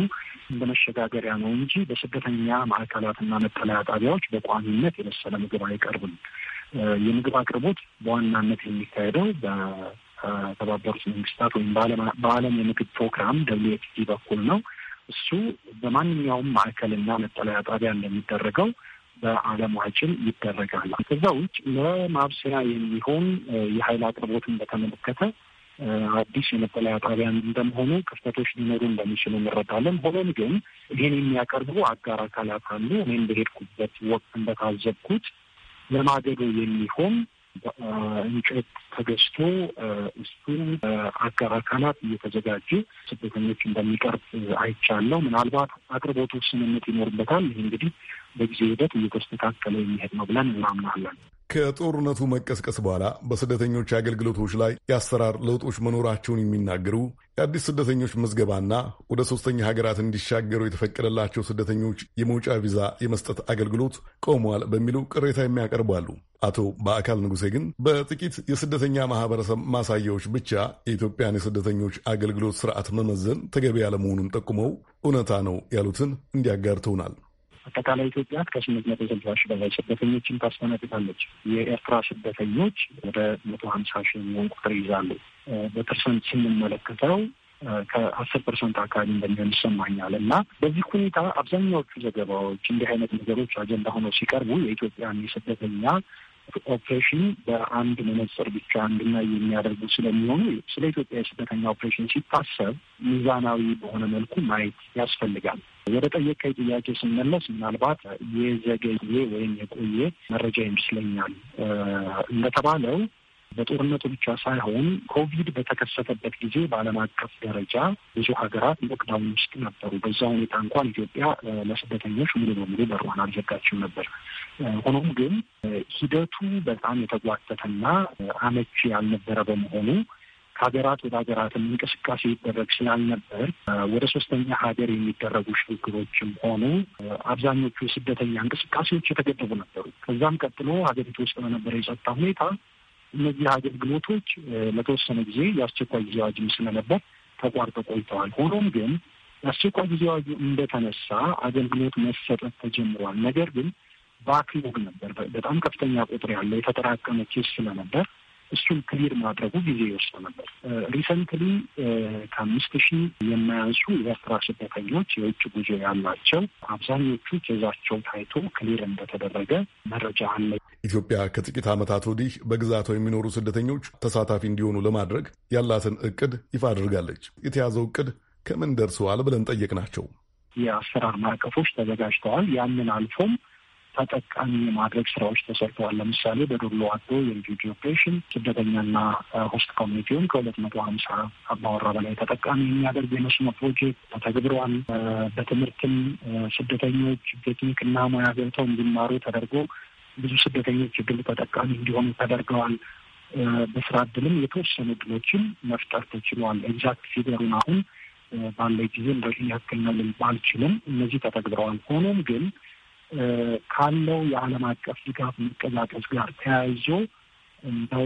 መሸጋገሪያ ነው እንጂ በስደተኛ ማዕከላትና መጠለያ ጣቢያዎች በቋሚነት የበሰለ ምግብ አይቀርብም። የምግብ አቅርቦት በዋናነት የሚካሄደው በተባበሩት መንግስታት ወይም በዓለም የምግብ ፕሮግራም ደብሊው ኤፍ ፒ በኩል ነው። እሱ በማንኛውም ማዕከልና መጠለያ ጣቢያ እንደሚደረገው በአለማችን ይደረጋል። ከዛ ውጭ ለማብሰያ የሚሆን የኃይል አቅርቦትን በተመለከተ አዲስ የመጠለያ ጣቢያ እንደመሆኑ ክፍተቶች ሊኖሩ እንደሚችሉ እንረዳለን። ሆኖም ግን ይህን የሚያቀርቡ አጋር አካላት አሉ። እኔም በሄድኩበት ወቅት እንደታዘብኩት ለማገዶ የሚሆን እንጨት ተገዝቶ እሱን አጋር አካላት እየተዘጋጀ ስደተኞች እንደሚቀርብ አይቻለው። ምናልባት አቅርቦቱ ስምምነት ይኖርበታል። ይህ እንግዲህ በጊዜ ሂደት እየተስተካከለ የሚሄድ ነው ብለን እናምናለን። ከጦርነቱ መቀስቀስ በኋላ በስደተኞች አገልግሎቶች ላይ የአሰራር ለውጦች መኖራቸውን የሚናገሩ የአዲስ ስደተኞች ምዝገባና ወደ ሶስተኛ ሀገራት እንዲሻገሩ የተፈቀደላቸው ስደተኞች የመውጫ ቪዛ የመስጠት አገልግሎት ቆሟል በሚሉ ቅሬታ የሚያቀርቡ አሉ። አቶ በአካል ንጉሴ ግን በጥቂት የስደተኛ ማህበረሰብ ማሳያዎች ብቻ የኢትዮጵያን የስደተኞች አገልግሎት ስርዓት መመዘን ተገቢ ያለመሆኑን ጠቁመው እውነታ ነው ያሉትን እንዲያጋርተውናል። አጠቃላይ ኢትዮጵያ ከስምንት መቶ ስልሳ ሺህ በላይ ስደተኞችን ታስተናግዳለች። የኤርትራ ስደተኞች ወደ መቶ ሀምሳ ሺህ የሚሆን ቁጥር ይዛሉ። በፐርሰንት ስንመለከተው ከአስር ፐርሰንት አካባቢ እንደሚሆን ይሰማኛል። እና በዚህ ሁኔታ አብዛኛዎቹ ዘገባዎች እንዲህ አይነት ነገሮች አጀንዳ ሆነው ሲቀርቡ የኢትዮጵያን የስደተኛ ኦፕሬሽን በአንድ መነጽር ብቻ እንድናይ የሚያደርጉ ስለሚሆኑ ስለ ኢትዮጵያ የስደተኛ ኦፕሬሽን ሲታሰብ ሚዛናዊ በሆነ መልኩ ማየት ያስፈልጋል። ወደ ጠየቀኝ ጥያቄ ስመለስ ምናልባት የዘገየ ወይም የቆየ መረጃ ይመስለኛል። እንደተባለው በጦርነቱ ብቻ ሳይሆን ኮቪድ በተከሰተበት ጊዜ በዓለም አቀፍ ደረጃ ብዙ ሀገራት ሎክዳውን ውስጥ ነበሩ። በዛ ሁኔታ እንኳን ኢትዮጵያ ለስደተኞች ሙሉ በሙሉ በሯን አልዘጋችም ነበር። ሆኖም ግን ሂደቱ በጣም የተጓተተና አመቺ ያልነበረ በመሆኑ ከሀገራት ወደ ሀገራትም እንቅስቃሴ ይደረግ ስላልነበር ወደ ሶስተኛ ሀገር የሚደረጉ ሽግግሮችም ሆኑ አብዛኞቹ የስደተኛ እንቅስቃሴዎች የተገደቡ ነበሩ። ከዛም ቀጥሎ ሀገሪቱ ውስጥ በነበረ የጸጥታ ሁኔታ እነዚህ አገልግሎቶች ለተወሰነ ጊዜ የአስቸኳይ ጊዜ አዋጅም ስለነበር ተቋርጠው ቆይተዋል። ሆኖም ግን የአስቸኳይ ጊዜ አዋጁ እንደተነሳ አገልግሎት መሰጠት ተጀምሯል። ነገር ግን ባክሎግ ነበር። በጣም ከፍተኛ ቁጥር ያለው የተጠራቀመ ኬስ ስለነበር እሱን ክሊር ማድረጉ ጊዜ ይወስድ ነበር። ሪሰንትሊ ከአምስት ሺህ የማያንሱ የኤርትራ ስደተኞች የውጭ ጉዞ ያላቸው አብዛኞቹ ኬዛቸው ታይቶ ክሊር እንደተደረገ መረጃ አለ። ኢትዮጵያ ከጥቂት ዓመታት ወዲህ በግዛቷ የሚኖሩ ስደተኞች ተሳታፊ እንዲሆኑ ለማድረግ ያላትን እቅድ ይፋ አድርጋለች። የተያዘው እቅድ ከምን ደርሰዋል ብለን ጠየቅናቸው። የአሰራር ማዕቀፎች ተዘጋጅተዋል። ያንን አልፎም ተጠቃሚ የማድረግ ስራዎች ተሰርተዋል። ለምሳሌ በዶሎ አዶ የልጆች ኦፕሬሽን ስደተኛና ሆስት ኮሚኒቲውን ከሁለት መቶ ሀምሳ አባወራ በላይ ተጠቃሚ የሚያደርግ የመስኖ ፕሮጀክት ተተግብረዋል። በትምህርትም ስደተኞች ቴክኒክና ሙያ ገብተው እንዲማሩ ተደርጎ ብዙ ስደተኞች እድል ተጠቃሚ እንዲሆኑ ተደርገዋል። በስራ እድልም የተወሰኑ እድሎችን መፍጠር ተችሏል። ኤግዛክት ፊገሩን አሁን ባለ ጊዜ እንደዚህ ያክል ነው ልል ባልችልም እነዚህ ተተግብረዋል። ሆኖም ግን ካለው የዓለም አቀፍ ድጋፍ መቀዛቀዝ ጋር ተያይዞ እንደው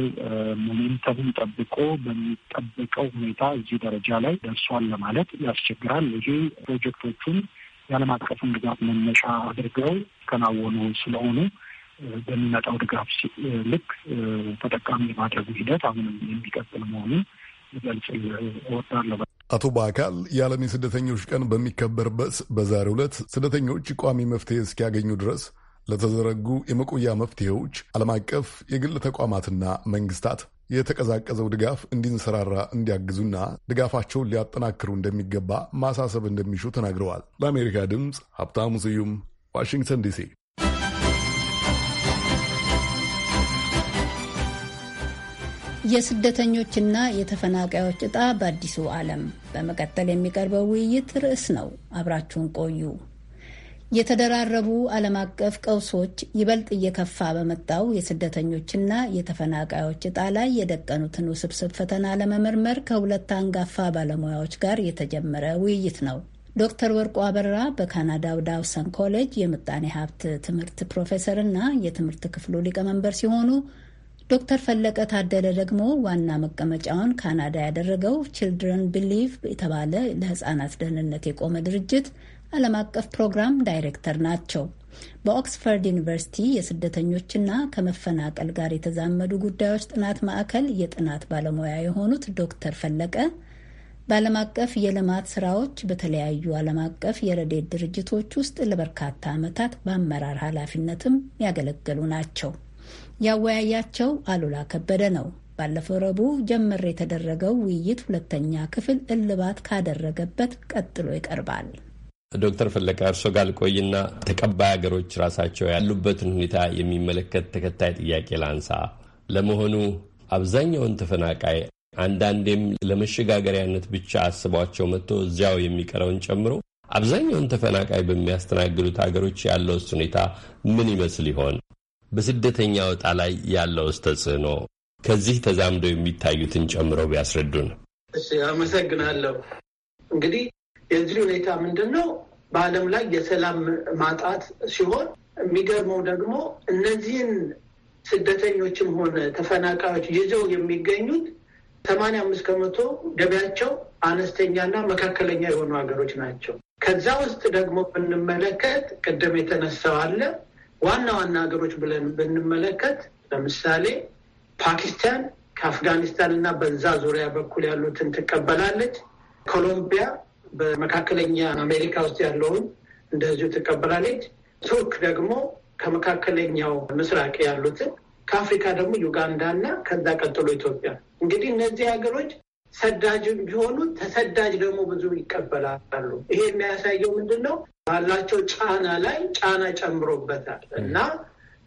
ሞሜንተሙን ጠብቆ በሚጠበቀው ሁኔታ እዚህ ደረጃ ላይ ደርሷል ለማለት ያስቸግራል። ይሄ ፕሮጀክቶቹን የዓለም አቀፉን ድጋፍ መነሻ አድርገው ከናወኑ ስለሆኑ በሚመጣው ድጋፍ ልክ ተጠቃሚ የማድረጉ ሂደት አሁንም የሚቀጥል መሆኑን ልገልጽ እወዳለሁ። አቶ በአካል የዓለም የስደተኞች ቀን በሚከበርበት በዛሬው ዕለት ስደተኞች ቋሚ መፍትሄ እስኪያገኙ ድረስ ለተዘረጉ የመቆያ መፍትሄዎች ዓለም አቀፍ የግል ተቋማትና መንግስታት የተቀዛቀዘው ድጋፍ እንዲንሰራራ እንዲያግዙና ድጋፋቸውን ሊያጠናክሩ እንደሚገባ ማሳሰብ እንደሚሹ ተናግረዋል። ለአሜሪካ ድምፅ ሀብታሙ ስዩም ዋሽንግተን ዲሲ የስደተኞችና የተፈናቃዮች ዕጣ በአዲሱ ዓለም በመቀጠል የሚቀርበው ውይይት ርዕስ ነው። አብራችሁን ቆዩ። የተደራረቡ ዓለም አቀፍ ቀውሶች ይበልጥ እየከፋ በመጣው የስደተኞችና የተፈናቃዮች ዕጣ ላይ የደቀኑትን ውስብስብ ፈተና ለመመርመር ከሁለት አንጋፋ ባለሙያዎች ጋር የተጀመረ ውይይት ነው። ዶክተር ወርቁ አበራ በካናዳው ዳውሰን ኮሌጅ የምጣኔ ሀብት ትምህርት ፕሮፌሰር እና የትምህርት ክፍሉ ሊቀመንበር ሲሆኑ ዶክተር ፈለቀ ታደለ ደግሞ ዋና መቀመጫውን ካናዳ ያደረገው ችልድረን ቢሊቭ የተባለ ለህፃናት ደህንነት የቆመ ድርጅት ዓለም አቀፍ ፕሮግራም ዳይሬክተር ናቸው። በኦክስፈርድ ዩኒቨርሲቲ የስደተኞችና ከመፈናቀል ጋር የተዛመዱ ጉዳዮች ጥናት ማዕከል የጥናት ባለሙያ የሆኑት ዶክተር ፈለቀ በዓለም አቀፍ የልማት ስራዎች በተለያዩ ዓለም አቀፍ የረዴት ድርጅቶች ውስጥ ለበርካታ ዓመታት በአመራር ኃላፊነትም ያገለገሉ ናቸው። ያወያያቸው አሉላ ከበደ ነው። ባለፈው ረቡዕ ጀመር የተደረገው ውይይት ሁለተኛ ክፍል እልባት ካደረገበት ቀጥሎ ይቀርባል። ዶክተር ፈለቀ እርሶ ጋር ልቆይና ተቀባይ ሀገሮች ራሳቸው ያሉበትን ሁኔታ የሚመለከት ተከታይ ጥያቄ ላንሳ። ለመሆኑ አብዛኛውን ተፈናቃይ አንዳንዴም ለመሸጋገሪያነት ብቻ አስቧቸው መጥቶ እዚያው የሚቀረውን ጨምሮ አብዛኛውን ተፈናቃይ በሚያስተናግዱት ሀገሮች ያለውስ ሁኔታ ምን ይመስል ይሆን? በስደተኛ ወጣ ላይ ያለውስ ተጽዕኖ ከዚህ ተዛምዶ የሚታዩትን ጨምሮ ቢያስረዱን። እሺ፣ አመሰግናለሁ። እንግዲህ የዚህ ሁኔታ ምንድን ነው? በዓለም ላይ የሰላም ማጣት ሲሆን የሚገርመው ደግሞ እነዚህን ስደተኞችም ሆነ ተፈናቃዮች ይዘው የሚገኙት ሰማንያ አምስት ከመቶ ገቢያቸው አነስተኛና መካከለኛ የሆኑ ሀገሮች ናቸው። ከዛ ውስጥ ደግሞ ብንመለከት ቅድም የተነሳው አለ ዋና ዋና ሀገሮች ብለን ብንመለከት ለምሳሌ ፓኪስታን ከአፍጋኒስታን እና በዛ ዙሪያ በኩል ያሉትን ትቀበላለች። ኮሎምቢያ በመካከለኛ አሜሪካ ውስጥ ያለውን እንደዚሁ ትቀበላለች። ቱርክ ደግሞ ከመካከለኛው ምስራቅ ያሉትን ከአፍሪካ ደግሞ ዩጋንዳ እና ከዛ ቀጥሎ ኢትዮጵያ። እንግዲህ እነዚህ ሀገሮች ሰዳጅ ቢሆኑ ተሰዳጅ ደግሞ ብዙ ይቀበላሉ። ይሄ የሚያሳየው ምንድን ነው? ባላቸው ጫና ላይ ጫና ጨምሮበታል እና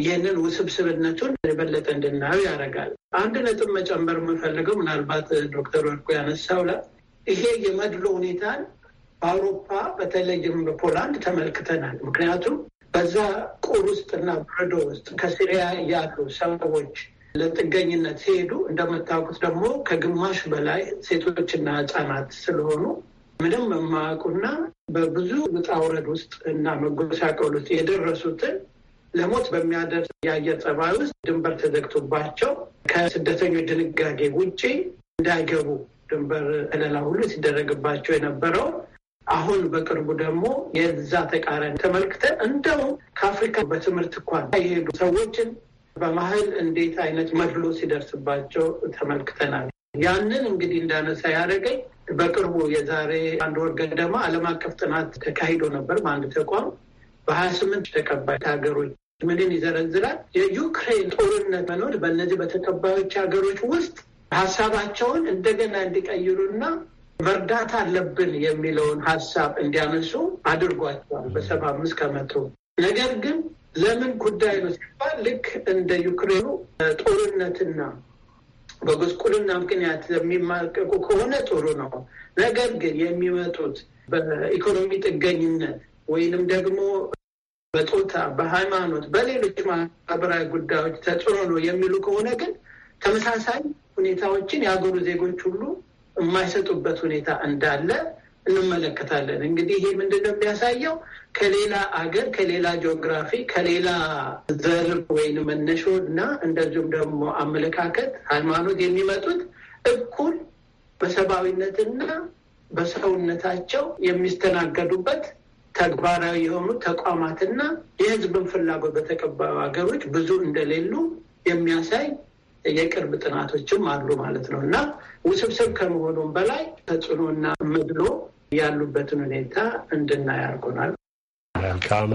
ይህንን ውስብስብነቱን የበለጠ እንድናየው ያደርጋል። አንድ ነጥብ መጨመር የምፈልገው ምናልባት ዶክተር ወርቁ ያነሳው ላይ ይሄ የመድሎ ሁኔታን በአውሮፓ በተለይም በፖላንድ ተመልክተናል። ምክንያቱም በዛ ቁር ውስጥና ብረዶ ውስጥ ከሲሪያ ያሉ ሰዎች ለጥገኝነት ሲሄዱ እንደምታውቁት ደግሞ ከግማሽ በላይ ሴቶችና ህጻናት ስለሆኑ ምንም የማያውቁና በብዙ ውጣ ውረድ ውስጥ እና መጎሳቀል ውስጥ የደረሱትን ለሞት በሚያደርስ የአየር ጸባይ ውስጥ ድንበር ተዘግቶባቸው ከስደተኞች ድንጋጌ ውጪ እንዳይገቡ ድንበር ከለላ ሁሉ ሲደረግባቸው የነበረው አሁን በቅርቡ ደግሞ የዛ ተቃራኒ ተመልክተን እንደውም ከአፍሪካ በትምህርት እንኳን የሄዱ ሰዎችን በመሀል እንዴት አይነት መድሎ ሲደርስባቸው ተመልክተናል። ያንን እንግዲህ እንዳነሳ ያደረገኝ በቅርቡ የዛሬ አንድ ወር ገደማ ዓለም አቀፍ ጥናት ተካሂዶ ነበር በአንድ ተቋም በሀያ ስምንት ተቀባይ ሀገሮች ምንን ይዘረዝራል። የዩክሬን ጦርነት መኖር በእነዚህ በተቀባዮች ሀገሮች ውስጥ ሀሳባቸውን እንደገና እንዲቀይሩና መርዳት አለብን የሚለውን ሀሳብ እንዲያነሱ አድርጓቸዋል በሰባ አምስት ከመቶ ነገር ግን ለምን ጉዳይ ነው ሲባል ልክ እንደ ዩክሬኑ ጦርነትና በጉስቁልና ምክንያት የሚማቀቁ ከሆነ ጥሩ ነው። ነገር ግን የሚመጡት በኢኮኖሚ ጥገኝነት ወይንም ደግሞ በጾታ፣ በሃይማኖት፣ በሌሎች ማህበራዊ ጉዳዮች ተጽዕኖ ነው የሚሉ ከሆነ ግን ተመሳሳይ ሁኔታዎችን የሀገሩ ዜጎች ሁሉ የማይሰጡበት ሁኔታ እንዳለ እንመለከታለን። እንግዲህ ይህ ምንድነው የሚያሳየው ከሌላ አገር ከሌላ ጂኦግራፊ ከሌላ ዘር ወይም መነሾ እና እንደዚሁም ደግሞ አመለካከት፣ ሃይማኖት የሚመጡት እኩል በሰብአዊነትና በሰውነታቸው የሚስተናገዱበት ተግባራዊ የሆኑ ተቋማትና የህዝብን ፍላጎት በተቀባዩ ሀገሮች ብዙ እንደሌሉ የሚያሳይ የቅርብ ጥናቶችም አሉ ማለት ነው እና ውስብስብ ከመሆኑም በላይ ተጽዕኖና መድሎ ያሉበትን ሁኔታ እንድናይ አድርጎናል። መልካም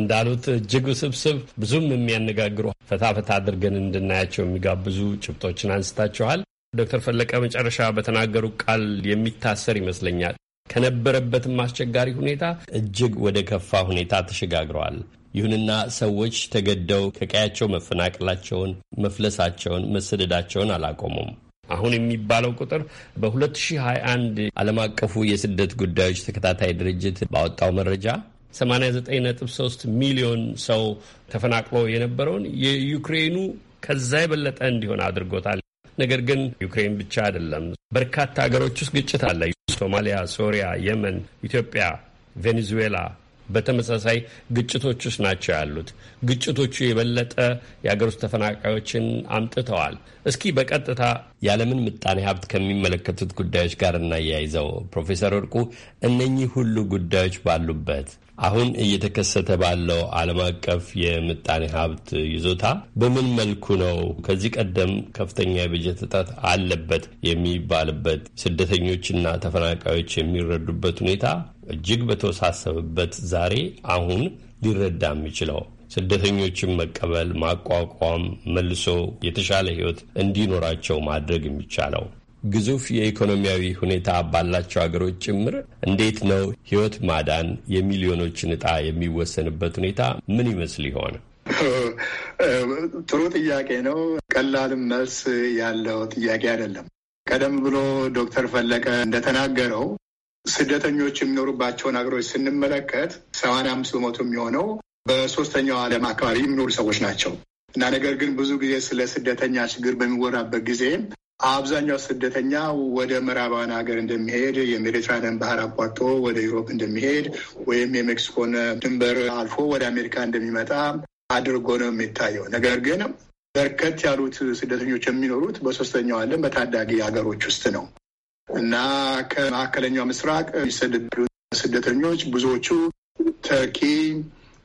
እንዳሉት እጅግ ውስብስብ ብዙም የሚያነጋግሩ ፈታ ፈታ አድርገን እንድናያቸው የሚጋብዙ ጭብጦችን አንስታችኋል። ዶክተር ፈለቀ መጨረሻ በተናገሩ ቃል የሚታሰር ይመስለኛል። ከነበረበትም አስቸጋሪ ሁኔታ እጅግ ወደ ከፋ ሁኔታ ተሸጋግረዋል። ይሁንና ሰዎች ተገደው ከቀያቸው መፈናቀላቸውን፣ መፍለሳቸውን፣ መሰደዳቸውን አላቆሙም። አሁን የሚባለው ቁጥር በ2021 ዓለም አቀፉ የስደት ጉዳዮች ተከታታይ ድርጅት ባወጣው መረጃ 89.3 ሚሊዮን ሰው ተፈናቅሎ የነበረውን የዩክሬኑ ከዛ የበለጠ እንዲሆን አድርጎታል። ነገር ግን ዩክሬን ብቻ አይደለም። በርካታ ሀገሮች ውስጥ ግጭት አለ። ሶማሊያ፣ ሶሪያ፣ የመን፣ ኢትዮጵያ፣ ቬኔዙዌላ በተመሳሳይ ግጭቶች ውስጥ ናቸው ያሉት። ግጭቶቹ የበለጠ የአገር ውስጥ ተፈናቃዮችን አምጥተዋል። እስኪ በቀጥታ የዓለምን ምጣኔ ሀብት ከሚመለከቱት ጉዳዮች ጋር እናያይዘው። ፕሮፌሰር ወርቁ እነኚህ ሁሉ ጉዳዮች ባሉበት አሁን እየተከሰተ ባለው ዓለም አቀፍ የምጣኔ ሀብት ይዞታ በምን መልኩ ነው ከዚህ ቀደም ከፍተኛ የበጀት እጥረት አለበት የሚባልበት ስደተኞችና ተፈናቃዮች የሚረዱበት ሁኔታ እጅግ በተወሳሰበበት ዛሬ አሁን ሊረዳ የሚችለው ስደተኞችን መቀበል፣ ማቋቋም፣ መልሶ የተሻለ ሕይወት እንዲኖራቸው ማድረግ የሚቻለው ግዙፍ የኢኮኖሚያዊ ሁኔታ ባላቸው ሀገሮች ጭምር እንዴት ነው ሕይወት ማዳን የሚሊዮኖችን እጣ የሚወሰንበት ሁኔታ ምን ይመስል ይሆን? (laughs) ጥሩ ጥያቄ ነው። ቀላልም መልስ ያለው ጥያቄ አይደለም። ቀደም ብሎ ዶክተር ፈለቀ እንደተናገረው ስደተኞች የሚኖሩባቸውን ሀገሮች ስንመለከት ሰማንያ አምስት በመቶ የሚሆነው በሶስተኛው ዓለም አካባቢ የሚኖሩ ሰዎች ናቸው እና ነገር ግን ብዙ ጊዜ ስለ ስደተኛ ችግር በሚወራበት ጊዜ አብዛኛው ስደተኛ ወደ ምዕራባውያን ሀገር እንደሚሄድ የሜዲትራኒያን ባህር አቋርጦ ወደ ዩሮፕ እንደሚሄድ ወይም የሜክሲኮን ድንበር አልፎ ወደ አሜሪካ እንደሚመጣ አድርጎ ነው የሚታየው። ነገር ግን በርከት ያሉት ስደተኞች የሚኖሩት በሶስተኛው ዓለም በታዳጊ ሀገሮች ውስጥ ነው። እና ከመካከለኛው ምስራቅ የሚሰደዱ ስደተኞች ብዙዎቹ ተርኪ፣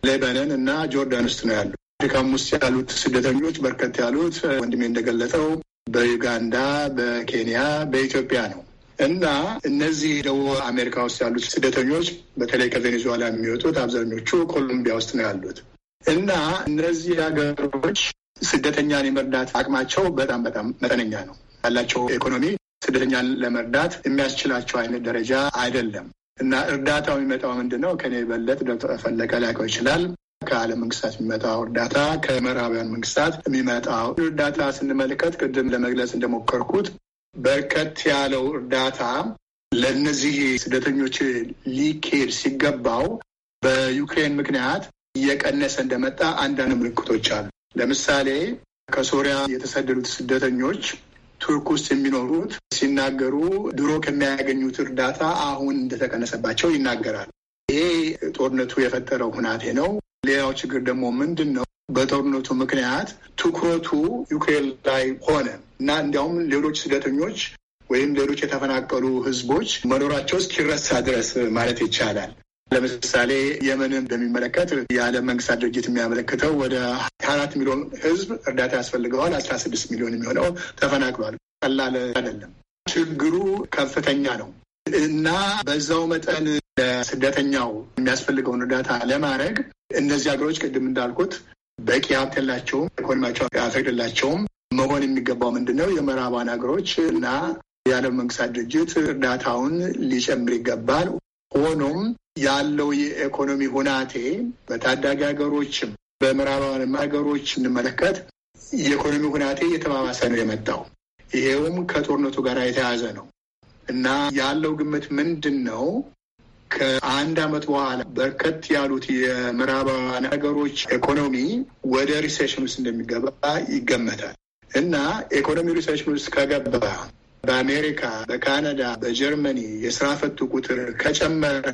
ሌበነን እና ጆርዳን ውስጥ ነው ያሉ። አፍሪካም ውስጥ ያሉት ስደተኞች በርከት ያሉት ወንድሜ እንደገለጠው በዩጋንዳ፣ በኬንያ፣ በኢትዮጵያ ነው እና እነዚህ ደቡብ አሜሪካ ውስጥ ያሉት ስደተኞች በተለይ ከቬኔዙዌላ የሚወጡት አብዛኞቹ ኮሎምቢያ ውስጥ ነው ያሉት እና እነዚህ ሀገሮች ስደተኛን የመርዳት አቅማቸው በጣም በጣም መጠነኛ ነው። ያላቸው ኢኮኖሚ ስደተኛን ለመርዳት የሚያስችላቸው አይነት ደረጃ አይደለም እና እርዳታው የሚመጣው ምንድን ነው? ከኔ የበለጥ ዶክተር ፈለቀ ሊያውቀው ይችላል። ከዓለም መንግስታት የሚመጣው እርዳታ ከምዕራባውያን መንግስታት የሚመጣው እርዳታ ስንመለከት ቅድም ለመግለጽ እንደሞከርኩት በርከት ያለው እርዳታ ለእነዚህ ስደተኞች ሊኬድ ሲገባው በዩክሬን ምክንያት እየቀነሰ እንደመጣ አንዳንድ ምልክቶች አሉ። ለምሳሌ ከሶሪያ የተሰደዱት ስደተኞች ቱርክ ውስጥ የሚኖሩት ሲናገሩ ድሮ ከሚያገኙት እርዳታ አሁን እንደተቀነሰባቸው ይናገራል። ይሄ ጦርነቱ የፈጠረው ሁናቴ ነው። ሌላው ችግር ደግሞ ምንድን ነው? በጦርነቱ ምክንያት ትኩረቱ ዩክሬን ላይ ሆነ እና እንዲያውም ሌሎች ስደተኞች ወይም ሌሎች የተፈናቀሉ ህዝቦች መኖራቸው እስኪረሳ ድረስ ማለት ይቻላል ለምሳሌ የመንን በሚመለከት የዓለም መንግስታት ድርጅት የሚያመለክተው ወደ አራት ሚሊዮን ህዝብ እርዳታ ያስፈልገዋል። አስራ ስድስት ሚሊዮን የሚሆነው ተፈናቅሏል። ቀላል አይደለም። ችግሩ ከፍተኛ ነው እና በዛው መጠን ለስደተኛው የሚያስፈልገውን እርዳታ ለማድረግ እነዚህ ሀገሮች ቅድም እንዳልኩት በቂ ሀብት የላቸውም። ኢኮኖሚያቸው አያፈቅድላቸውም። መሆን የሚገባው ምንድን ነው? የምዕራባን ሀገሮች እና የዓለም መንግስታት ድርጅት እርዳታውን ሊጨምር ይገባል። ሆኖም ያለው የኢኮኖሚ ሁናቴ በታዳጊ ሀገሮችም በምዕራባውያንም ሀገሮች እንመለከት የኢኮኖሚ ሁናቴ እየተባባሰ ነው የመጣው። ይሄውም ከጦርነቱ ጋር የተያዘ ነው እና ያለው ግምት ምንድን ነው? ከአንድ ዓመት በኋላ በርከት ያሉት የምዕራባውያን ሀገሮች ኢኮኖሚ ወደ ሪሴሽን ውስጥ እንደሚገባ ይገመታል እና ኢኮኖሚ ሪሴሽን ውስጥ ከገባ በአሜሪካ፣ በካናዳ፣ በጀርመኒ የስራ ፈቱ ቁጥር ከጨመረ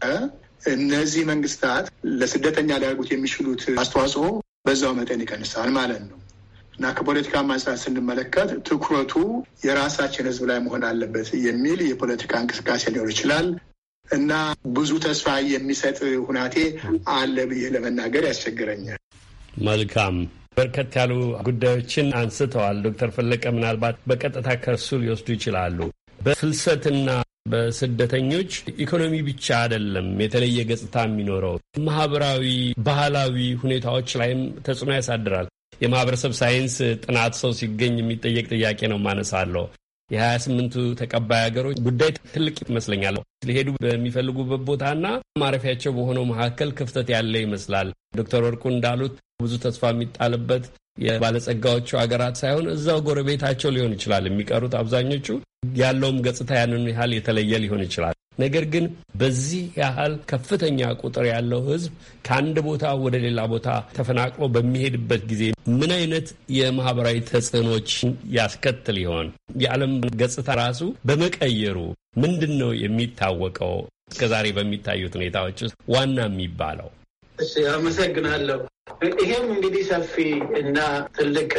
እነዚህ መንግስታት ለስደተኛ ሊያደርጉት የሚችሉት አስተዋጽኦ በዛው መጠን ይቀንሳል ማለት ነው እና ከፖለቲካ ማንሳት ስንመለከት ትኩረቱ የራሳችን ህዝብ ላይ መሆን አለበት የሚል የፖለቲካ እንቅስቃሴ ሊኖር ይችላል እና ብዙ ተስፋ የሚሰጥ ሁናቴ አለ ብዬ ለመናገር ያስቸግረኛል። መልካም በርከት ያሉ ጉዳዮችን አንስተዋል ዶክተር ፈለቀ ምናልባት በቀጥታ ከእርሱ ሊወስዱ ይችላሉ። በፍልሰትና በስደተኞች ኢኮኖሚ ብቻ አይደለም የተለየ ገጽታ የሚኖረው ማህበራዊ፣ ባህላዊ ሁኔታዎች ላይም ተጽዕኖ ያሳድራል። የማህበረሰብ ሳይንስ ጥናት ሰው ሲገኝ የሚጠየቅ ጥያቄ ነው ማነሳለሁ። የሀያ ስምንቱ ተቀባይ ሀገሮች ጉዳይ ትልቅ ይመስለኛል። ሊሄዱ በሚፈልጉበት ቦታና ማረፊያቸው በሆነው መካከል ክፍተት ያለ ይመስላል። ዶክተር ወርቁ እንዳሉት ብዙ ተስፋ የሚጣልበት የባለጸጋዎቹ ሀገራት ሳይሆን እዛው ጎረቤታቸው ሊሆን ይችላል። የሚቀሩት አብዛኞቹ ያለውም ገጽታ ያንን ያህል የተለየ ሊሆን ይችላል። ነገር ግን በዚህ ያህል ከፍተኛ ቁጥር ያለው ህዝብ ከአንድ ቦታ ወደ ሌላ ቦታ ተፈናቅሎ በሚሄድበት ጊዜ ምን አይነት የማህበራዊ ተጽዕኖችን ያስከትል ይሆን? የዓለም ገጽታ ራሱ በመቀየሩ ምንድን ነው የሚታወቀው? እስከዛሬ በሚታዩት ሁኔታዎች ውስጥ ዋና የሚባለው እሺ፣ አመሰግናለሁ። ይሄም እንግዲህ ሰፊ እና ትልቅ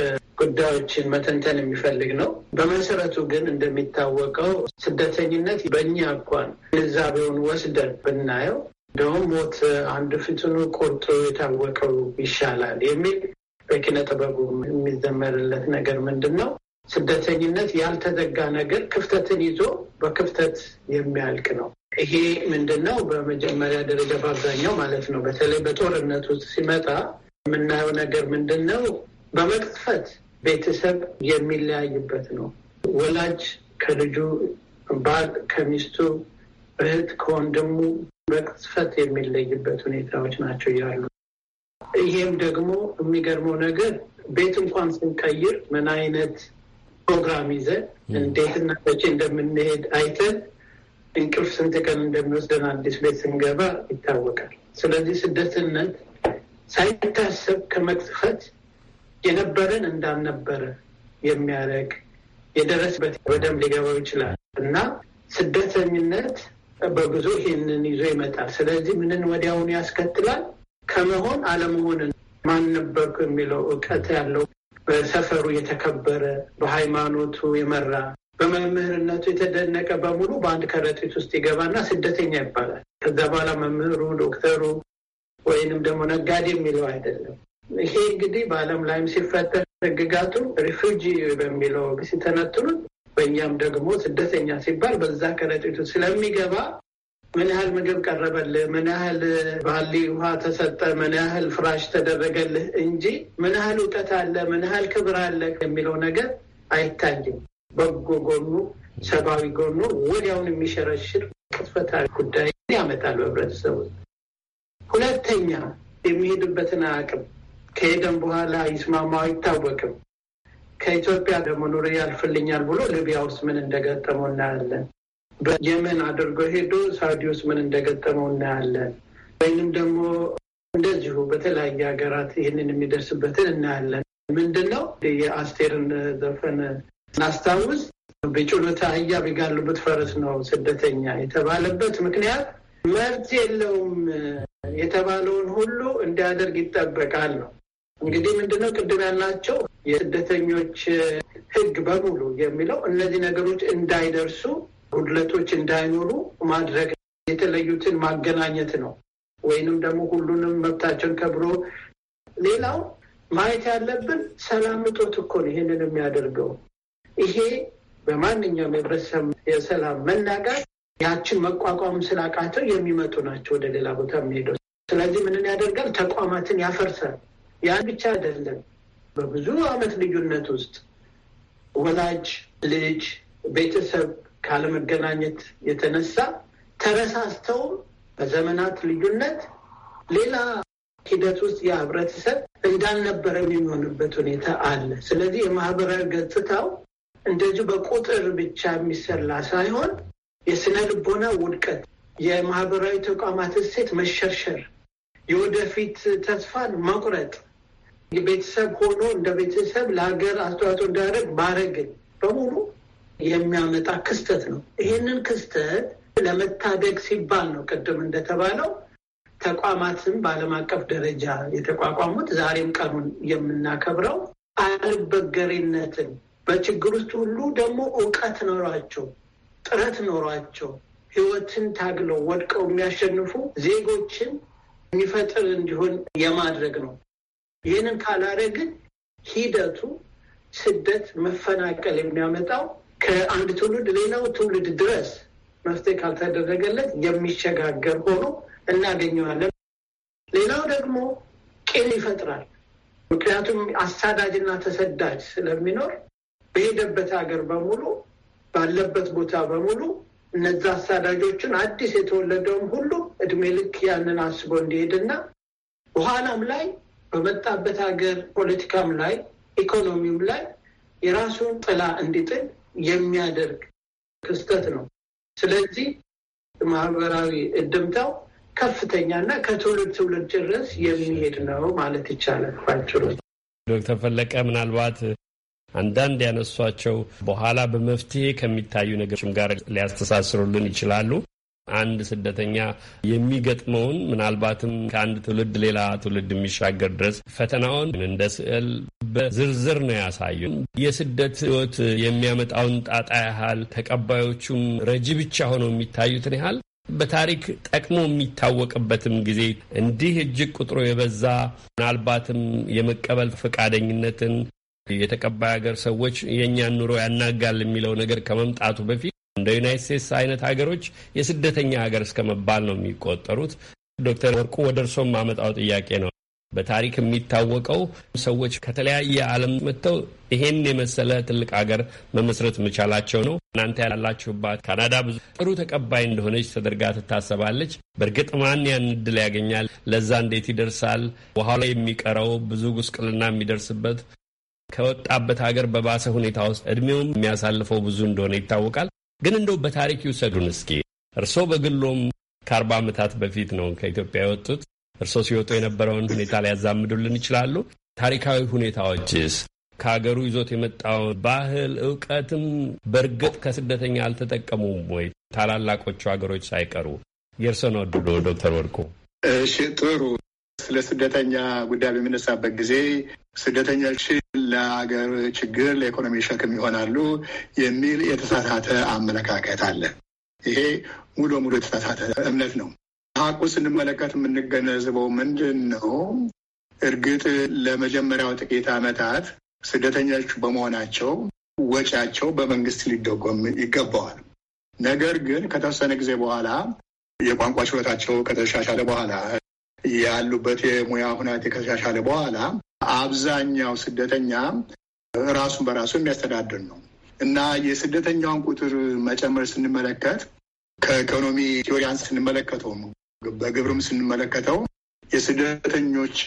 ጉዳዮችን መተንተን የሚፈልግ ነው። በመሰረቱ ግን እንደሚታወቀው ስደተኝነት በእኛ እንኳን ግንዛቤውን ወስደን ብናየው እንደውም ሞት አንድ ፍትኑ ቆርጦ የታወቀው ይሻላል የሚል በኪነ ጥበቡ የሚዘመርለት ነገር ምንድን ነው? ስደተኝነት ያልተዘጋ ነገር ክፍተትን ይዞ በክፍተት የሚያልቅ ነው። ይሄ ምንድን ነው? በመጀመሪያ ደረጃ በአብዛኛው ማለት ነው በተለይ በጦርነት ውስጥ ሲመጣ የምናየው ነገር ምንድን ነው? በመቅጽፈት ቤተሰብ የሚለያይበት ነው። ወላጅ ከልጁ፣ ባል ከሚስቱ፣ እህት ከወንድሙ በቅጽፈት የሚለይበት ሁኔታዎች ናቸው ያሉ። ይሄም ደግሞ የሚገርመው ነገር ቤት እንኳን ስንቀይር ምን አይነት ፕሮግራም ይዘን እንዴትና መቼ እንደምንሄድ አይተን እንቅልፍ ስንት ቀን እንደሚወስደን አዲስ ቤት ስንገባ ይታወቃል። ስለዚህ ስደትነት ሳይታሰብ ከመጥፈት የነበረን እንዳልነበረ የሚያደርግ የደረስበት በደንብ ሊገባው ይችላል እና ስደተኝነት በብዙ ይህንን ይዞ ይመጣል። ስለዚህ ምንን ወዲያውኑ ያስከትላል? ከመሆን አለመሆንን ማን ነበርኩ የሚለው እውቀት ያለው በሰፈሩ የተከበረ በሃይማኖቱ የመራ በመምህርነቱ የተደነቀ በሙሉ በአንድ ከረጢት ውስጥ ይገባና ስደተኛ ይባላል። ከዛ በኋላ መምህሩ፣ ዶክተሩ ወይንም ደግሞ ነጋዴ የሚለው አይደለም። ይሄ እንግዲህ በዓለም ላይም ሲፈጠር ህግጋቱ ሪፉጂ በሚለው ሲተነትኑት፣ በእኛም ደግሞ ስደተኛ ሲባል በዛ ከረጢቱ ስለሚገባ ምን ያህል ምግብ ቀረበልህ፣ ምን ያህል ባሊ ውሃ ተሰጠ፣ ምን ያህል ፍራሽ ተደረገልህ እንጂ ምን ያህል እውቀት አለ፣ ምን ያህል ክብር አለ የሚለው ነገር አይታይም። በጎ ጎኑ፣ ሰብአዊ ጎኑ ወዲያውን የሚሸረሽር ቅጥፈታዊ ጉዳይ ያመጣል በህብረተሰቡ። ሁለተኛ የሚሄድበትን አቅም ከሄደም በኋላ ይስማማው አይታወቅም። ከኢትዮጵያ ደግሞ ኑሮ ያልፍልኛል ብሎ ሊቢያ ውስጥ ምን እንደገጠመው እናያለን። በየመን አድርጎ ሄዶ ሳውዲ ውስጥ ምን እንደገጠመው እናያለን። ወይንም ደግሞ እንደዚሁ በተለያየ ሀገራት ይህንን የሚደርስበትን እናያለን። ምንድን ነው የአስቴርን ዘፈን ስናስታውስ በጩሎታ አህያ ቢጋሉበት ፈረስ ነው ስደተኛ የተባለበት ምክንያት መብት የለውም የተባለውን ሁሉ እንዲያደርግ ይጠበቃል ነው። እንግዲህ ምንድነው ቅድም ያልናቸው የስደተኞች ሕግ በሙሉ የሚለው እነዚህ ነገሮች እንዳይደርሱ፣ ጉድለቶች እንዳይኖሩ ማድረግ የተለዩትን ማገናኘት ነው። ወይንም ደግሞ ሁሉንም መብታቸውን ከብሮ ሌላው ማየት ያለብን ሰላም እጦት እኮ ነው ይህንን የሚያደርገው ይሄ በማንኛውም የህብረተሰብ የሰላም መናጋት ያችን መቋቋም ስላቃተው የሚመጡ ናቸው ወደ ሌላ ቦታ የሚሄደው። ስለዚህ ምንን ያደርጋል? ተቋማትን ያፈርሳል። ያን ብቻ አይደለም። በብዙ አመት ልዩነት ውስጥ ወላጅ ልጅ፣ ቤተሰብ ካለመገናኘት የተነሳ ተረሳስተው በዘመናት ልዩነት ሌላ ሂደት ውስጥ የህብረተሰብ ህብረተሰብ እንዳልነበረ የሚሆንበት ሁኔታ አለ። ስለዚህ የማህበራዊ ገጽታው እንደዚሁ በቁጥር ብቻ የሚሰላ ሳይሆን የስነ ልቦና ውድቀት፣ የማህበራዊ ተቋማት እሴት መሸርሸር፣ የወደፊት ተስፋን መቁረጥ የቤተሰብ ሆኖ እንደ ቤተሰብ ለሀገር አስተዋጽኦ እንዳደረግ ማድረግን በሙሉ የሚያመጣ ክስተት ነው። ይህንን ክስተት ለመታደግ ሲባል ነው ቅድም እንደተባለው ተቋማትን በዓለም አቀፍ ደረጃ የተቋቋሙት ዛሬም ቀኑን የምናከብረው አልበገሬነትን በችግር ውስጥ ሁሉ ደግሞ እውቀት ኖሯቸው ጥረት ኖሯቸው ህይወትን ታግለው ወድቀው የሚያሸንፉ ዜጎችን የሚፈጥር እንዲሆን የማድረግ ነው። ይህንን ካላደረግን ሂደቱ ስደት፣ መፈናቀል የሚያመጣው ከአንድ ትውልድ ሌላው ትውልድ ድረስ መፍትሄ ካልተደረገለት የሚሸጋገር ሆኖ እናገኘዋለን። ሌላው ደግሞ ቂም ይፈጥራል። ምክንያቱም አሳዳጅና ተሰዳጅ ስለሚኖር በሄደበት ሀገር በሙሉ ባለበት ቦታ በሙሉ እነዛ አሳዳጆችን አዲስ የተወለደውም ሁሉ እድሜ ልክ ያንን አስቦ እንዲሄድና በኋላም ላይ በመጣበት ሀገር ፖለቲካም ላይ ኢኮኖሚም ላይ የራሱን ጥላ እንዲጥል የሚያደርግ ክስተት ነው። ስለዚህ ማህበራዊ እድምታው ከፍተኛና ከትውልድ ትውልድ ድረስ የሚሄድ ነው ማለት ይቻላል ባጭሩ። ዶክተር ፈለቀ ምናልባት አንዳንድ ያነሷቸው በኋላ በመፍትሄ ከሚታዩ ነገሮችም ጋር ሊያስተሳስሩልን ይችላሉ። አንድ ስደተኛ የሚገጥመውን ምናልባትም ከአንድ ትውልድ ሌላ ትውልድ የሚሻገር ድረስ ፈተናውን እንደ ስዕል በዝርዝር ነው ያሳዩን። የስደት ሕይወት የሚያመጣውን ጣጣ ያህል ተቀባዮቹም ረጂ ብቻ ሆነው የሚታዩትን ያህል በታሪክ ጠቅሞ የሚታወቅበትም ጊዜ እንዲህ እጅግ ቁጥሩ የበዛ ምናልባትም የመቀበል ፈቃደኝነትን የተቀባይ ሀገር ሰዎች የእኛን ኑሮ ያናጋል የሚለው ነገር ከመምጣቱ በፊት እንደ ዩናይት ስቴትስ አይነት ሀገሮች የስደተኛ ሀገር እስከ መባል ነው የሚቆጠሩት። ዶክተር ወርቁ ወደ እርሶ ማመጣው ጥያቄ ነው። በታሪክ የሚታወቀው ሰዎች ከተለያየ ዓለም መጥተው ይሄን የመሰለ ትልቅ ሀገር መመስረት መቻላቸው ነው። እናንተ ያላችሁባት ካናዳ ብዙ ጥሩ ተቀባይ እንደሆነች ተደርጋ ትታሰባለች። በእርግጥ ማን ያን እድል ያገኛል? ለዛ እንዴት ይደርሳል? ውሃ ላይ የሚቀረው ብዙ ጉስቅልና የሚደርስበት ከወጣበት ሀገር በባሰ ሁኔታ ውስጥ እድሜውም የሚያሳልፈው ብዙ እንደሆነ ይታወቃል። ግን እንደው በታሪክ ይውሰዱን እስኪ። እርስዎ በግሎም ከአርባ ዓመታት በፊት ነው ከኢትዮጵያ የወጡት። እርስዎ ሲወጡ የነበረውን ሁኔታ ሊያዛምዱልን ይችላሉ? ታሪካዊ ሁኔታዎችስ ከሀገሩ ይዞት የመጣውን ባህል እውቀትም በእርግጥ ከስደተኛ አልተጠቀሙም ወይ? ታላላቆቹ ሀገሮች ሳይቀሩ የእርስዎ ነው ድሎ ዶክተር ወርቁ። እሺ ጥሩ። ስለ ስደተኛ ጉዳይ በሚነሳበት ጊዜ ስደተኞች ለሀገር ችግር፣ ለኢኮኖሚ ሸክም ይሆናሉ የሚል የተሳሳተ አመለካከት አለ። ይሄ ሙሉ ሙሉ የተሳሳተ እምነት ነው። ሀቁ ስንመለከት የምንገነዝበው ምንድን ነው? እርግጥ ለመጀመሪያው ጥቂት ዓመታት ስደተኞች በመሆናቸው ወጪያቸው በመንግስት ሊደጎም ይገባዋል። ነገር ግን ከተወሰነ ጊዜ በኋላ የቋንቋ ችሎታቸው ከተሻሻለ በኋላ ያሉበት የሙያ ሁናቴ ከተሻሻለ በኋላ አብዛኛው ስደተኛ ራሱን በራሱ የሚያስተዳድር ነው እና የስደተኛውን ቁጥር መጨመር ስንመለከት ከኢኮኖሚ ቴዎሪያን ስንመለከተውም በግብርም ስንመለከተው የስደተኞች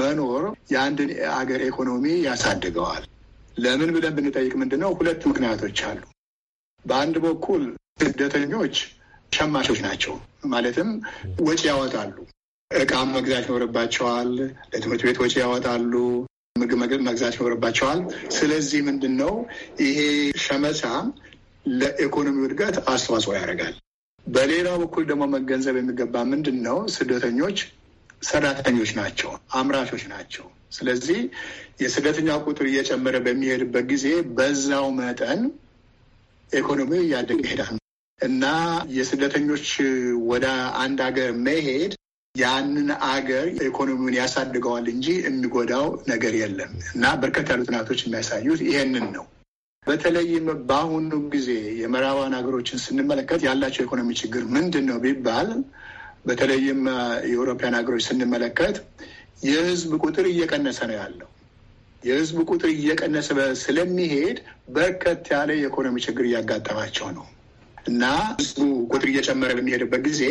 መኖር የአንድን አገር ኢኮኖሚ ያሳድገዋል። ለምን ብለን ብንጠይቅ ምንድን ነው ሁለት ምክንያቶች አሉ። በአንድ በኩል ስደተኞች ሸማቾች ናቸው፣ ማለትም ወጪ ያወጣሉ። እቃም መግዛት ይኖርባቸዋል። ለትምህርት ቤት ወጪ ያወጣሉ። ምግብ መግዛት ይኖርባቸዋል። ስለዚህ ምንድን ነው ይሄ ሸመሳ ለኢኮኖሚው እድገት አስተዋጽኦ ያደርጋል። በሌላ በኩል ደግሞ መገንዘብ የሚገባ ምንድን ነው ስደተኞች ሰራተኞች ናቸው፣ አምራቾች ናቸው። ስለዚህ የስደተኛ ቁጥር እየጨመረ በሚሄድበት ጊዜ በዛው መጠን ኢኮኖሚው እያደገ ይሄዳል እና የስደተኞች ወደ አንድ ሀገር መሄድ ያንን አገር ኢኮኖሚውን ያሳድገዋል እንጂ የሚጎዳው ነገር የለም እና በርከት ያሉ ጥናቶች የሚያሳዩት ይሄንን ነው። በተለይም በአሁኑ ጊዜ የምዕራባን ሀገሮችን ስንመለከት ያላቸው የኢኮኖሚ ችግር ምንድን ነው ቢባል በተለይም የአውሮፓውያን ሀገሮች ስንመለከት የህዝብ ቁጥር እየቀነሰ ነው ያለው። የህዝብ ቁጥር እየቀነሰ ስለሚሄድ በርከት ያለ የኢኮኖሚ ችግር እያጋጠማቸው ነው እና ህዝቡ ቁጥር እየጨመረ በሚሄድበት ጊዜ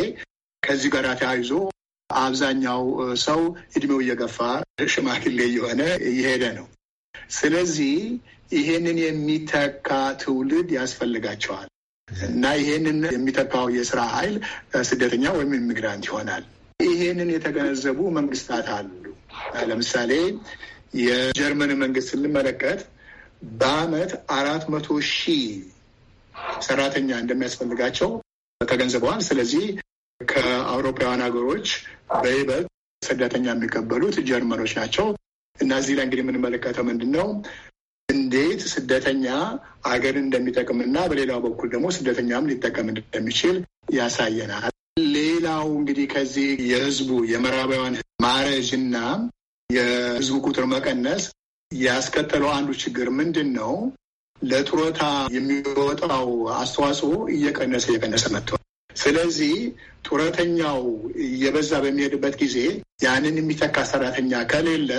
ከዚህ ጋር ተያይዞ አብዛኛው ሰው እድሜው እየገፋ ሽማግሌ እየሆነ እየሄደ ነው። ስለዚህ ይሄንን የሚተካ ትውልድ ያስፈልጋቸዋል እና ይሄንን የሚተካው የስራ ኃይል ስደተኛ ወይም ኢሚግራንት ይሆናል። ይሄንን የተገነዘቡ መንግስታት አሉ። ለምሳሌ የጀርመን መንግስት ስንመለከት በአመት አራት መቶ ሺህ ሰራተኛ እንደሚያስፈልጋቸው ተገንዝበዋል። ስለዚህ ከአውሮፓውያን ሀገሮች በይበልጥ ስደተኛ የሚቀበሉት ጀርመኖች ናቸው። እና እዚህ ላይ እንግዲህ የምንመለከተው ምንድን ነው እንዴት ስደተኛ አገርን እንደሚጠቅምና በሌላው በኩል ደግሞ ስደተኛም ሊጠቀም እንደሚችል ያሳየናል። ሌላው እንግዲህ ከዚህ የህዝቡ የምዕራባውያን ማረጅና የህዝቡ ቁጥር መቀነስ ያስከተለው አንዱ ችግር ምንድን ነው? ለጡረታ የሚወጣው አስተዋጽኦ እየቀነሰ እየቀነሰ መጥቷል። ስለዚህ ጡረተኛው እየበዛ በሚሄድበት ጊዜ ያንን የሚተካ ሰራተኛ ከሌለ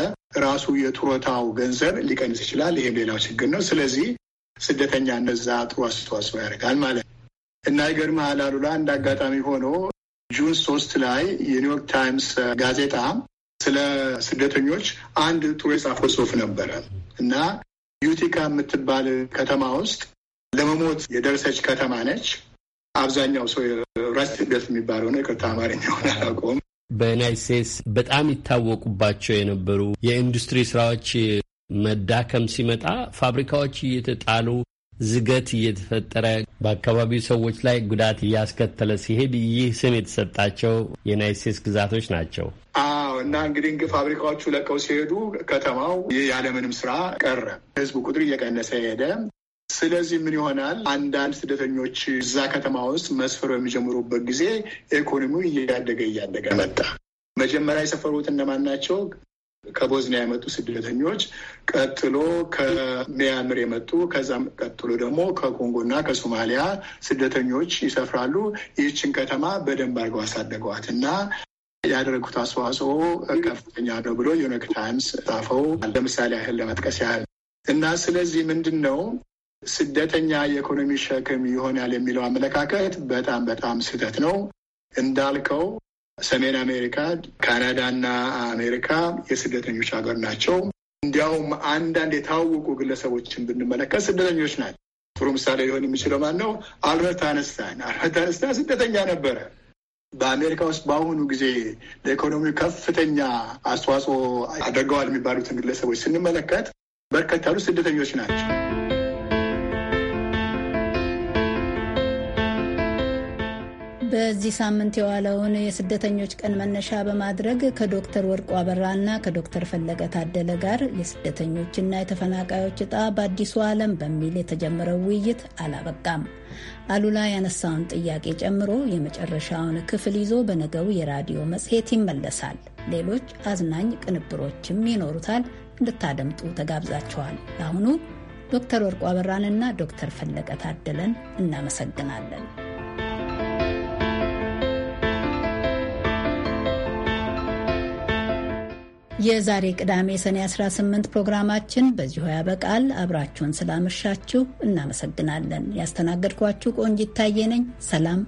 ራሱ የጡረታው ገንዘብ ሊቀንስ ይችላል። ይህም ሌላው ችግር ነው። ስለዚህ ስደተኛ እነዛ ጥሩ አስተዋጽኦ ያደርጋል ማለት ነው እና ይገርምሃል አሉላ እንደ አጋጣሚ ሆኖ ጁን ሶስት ላይ የኒውዮርክ ታይምስ ጋዜጣ ስለ ስደተኞች አንድ ጥሩ የጻፈው ጽሁፍ ነበረ እና ዩቲካ የምትባል ከተማ ውስጥ ለመሞት የደረሰች ከተማ ነች አብዛኛው ሰው ራስ ሂደት የሚባለው ነው። ይቅርታ አማርኛውን አላውቀውም። በዩናይት ስቴትስ በጣም ይታወቁባቸው የነበሩ የኢንዱስትሪ ስራዎች መዳከም ሲመጣ ፋብሪካዎች እየተጣሉ ዝገት እየተፈጠረ በአካባቢው ሰዎች ላይ ጉዳት እያስከተለ ሲሄድ ይህ ስም የተሰጣቸው የዩናይት ስቴትስ ግዛቶች ናቸው። አዎ እና እንግዲህ እንግ ፋብሪካዎቹ ለቀው ሲሄዱ ከተማው ያለምንም ስራ ቀረ። ህዝቡ ቁጥር እየቀነሰ ሄደ። ስለዚህ ምን ይሆናል? አንዳንድ ስደተኞች እዛ ከተማ ውስጥ መስፈር የሚጀምሩበት ጊዜ ኢኮኖሚው እያደገ እያደገ መጣ። መጀመሪያ የሰፈሩት እነማን ናቸው? ከቦዝኒያ የመጡ ስደተኞች፣ ቀጥሎ ከሚያምር የመጡ ከዛም ቀጥሎ ደግሞ ከኮንጎና ከሶማሊያ ስደተኞች ይሰፍራሉ። ይህችን ከተማ በደንብ አድርገው አሳደገዋት እና ያደረጉት አስተዋጽኦ ከፍተኛ ነው ብሎ ኒውዮርክ ታይምስ ጻፈው። ለምሳሌ ያህል ለመጥቀስ ያህል እና ስለዚህ ምንድን ነው ስደተኛ የኢኮኖሚ ሸክም ይሆናል የሚለው አመለካከት በጣም በጣም ስህተት ነው። እንዳልከው ሰሜን አሜሪካ፣ ካናዳና አሜሪካ የስደተኞች ሀገር ናቸው። እንዲያውም አንዳንድ የታወቁ ግለሰቦችን ብንመለከት ስደተኞች ናቸው። ጥሩ ምሳሌ ሊሆን የሚችለው ማን ነው? አልበርት አነስታይን። አልበርት አነስታይን ስደተኛ ነበረ። በአሜሪካ ውስጥ በአሁኑ ጊዜ ለኢኮኖሚ ከፍተኛ አስተዋጽኦ አድርገዋል የሚባሉትን ግለሰቦች ስንመለከት በርከት ያሉ ስደተኞች ናቸው። በዚህ ሳምንት የዋለውን የስደተኞች ቀን መነሻ በማድረግ ከዶክተር ወርቁ አበራና ከዶክተር ፈለገ ታደለ ጋር የስደተኞችና የተፈናቃዮች እጣ በአዲሱ ዓለም በሚል የተጀመረው ውይይት አላበቃም። አሉላ ያነሳውን ጥያቄ ጨምሮ የመጨረሻውን ክፍል ይዞ በነገው የራዲዮ መጽሔት ይመለሳል። ሌሎች አዝናኝ ቅንብሮችም ይኖሩታል። እንድታደምጡ ተጋብዛችኋል። ለአሁኑ ዶክተር ወርቁ አበራንና ዶክተር ፈለቀ ታደለን እናመሰግናለን። የዛሬ ቅዳሜ ሰኔ 18 ፕሮግራማችን በዚሁ ያበቃል። አብራችሁን ስላመሻችሁ እናመሰግናለን። ያስተናገድኳችሁ ቆንጂት ታዬ ነኝ። ሰላም።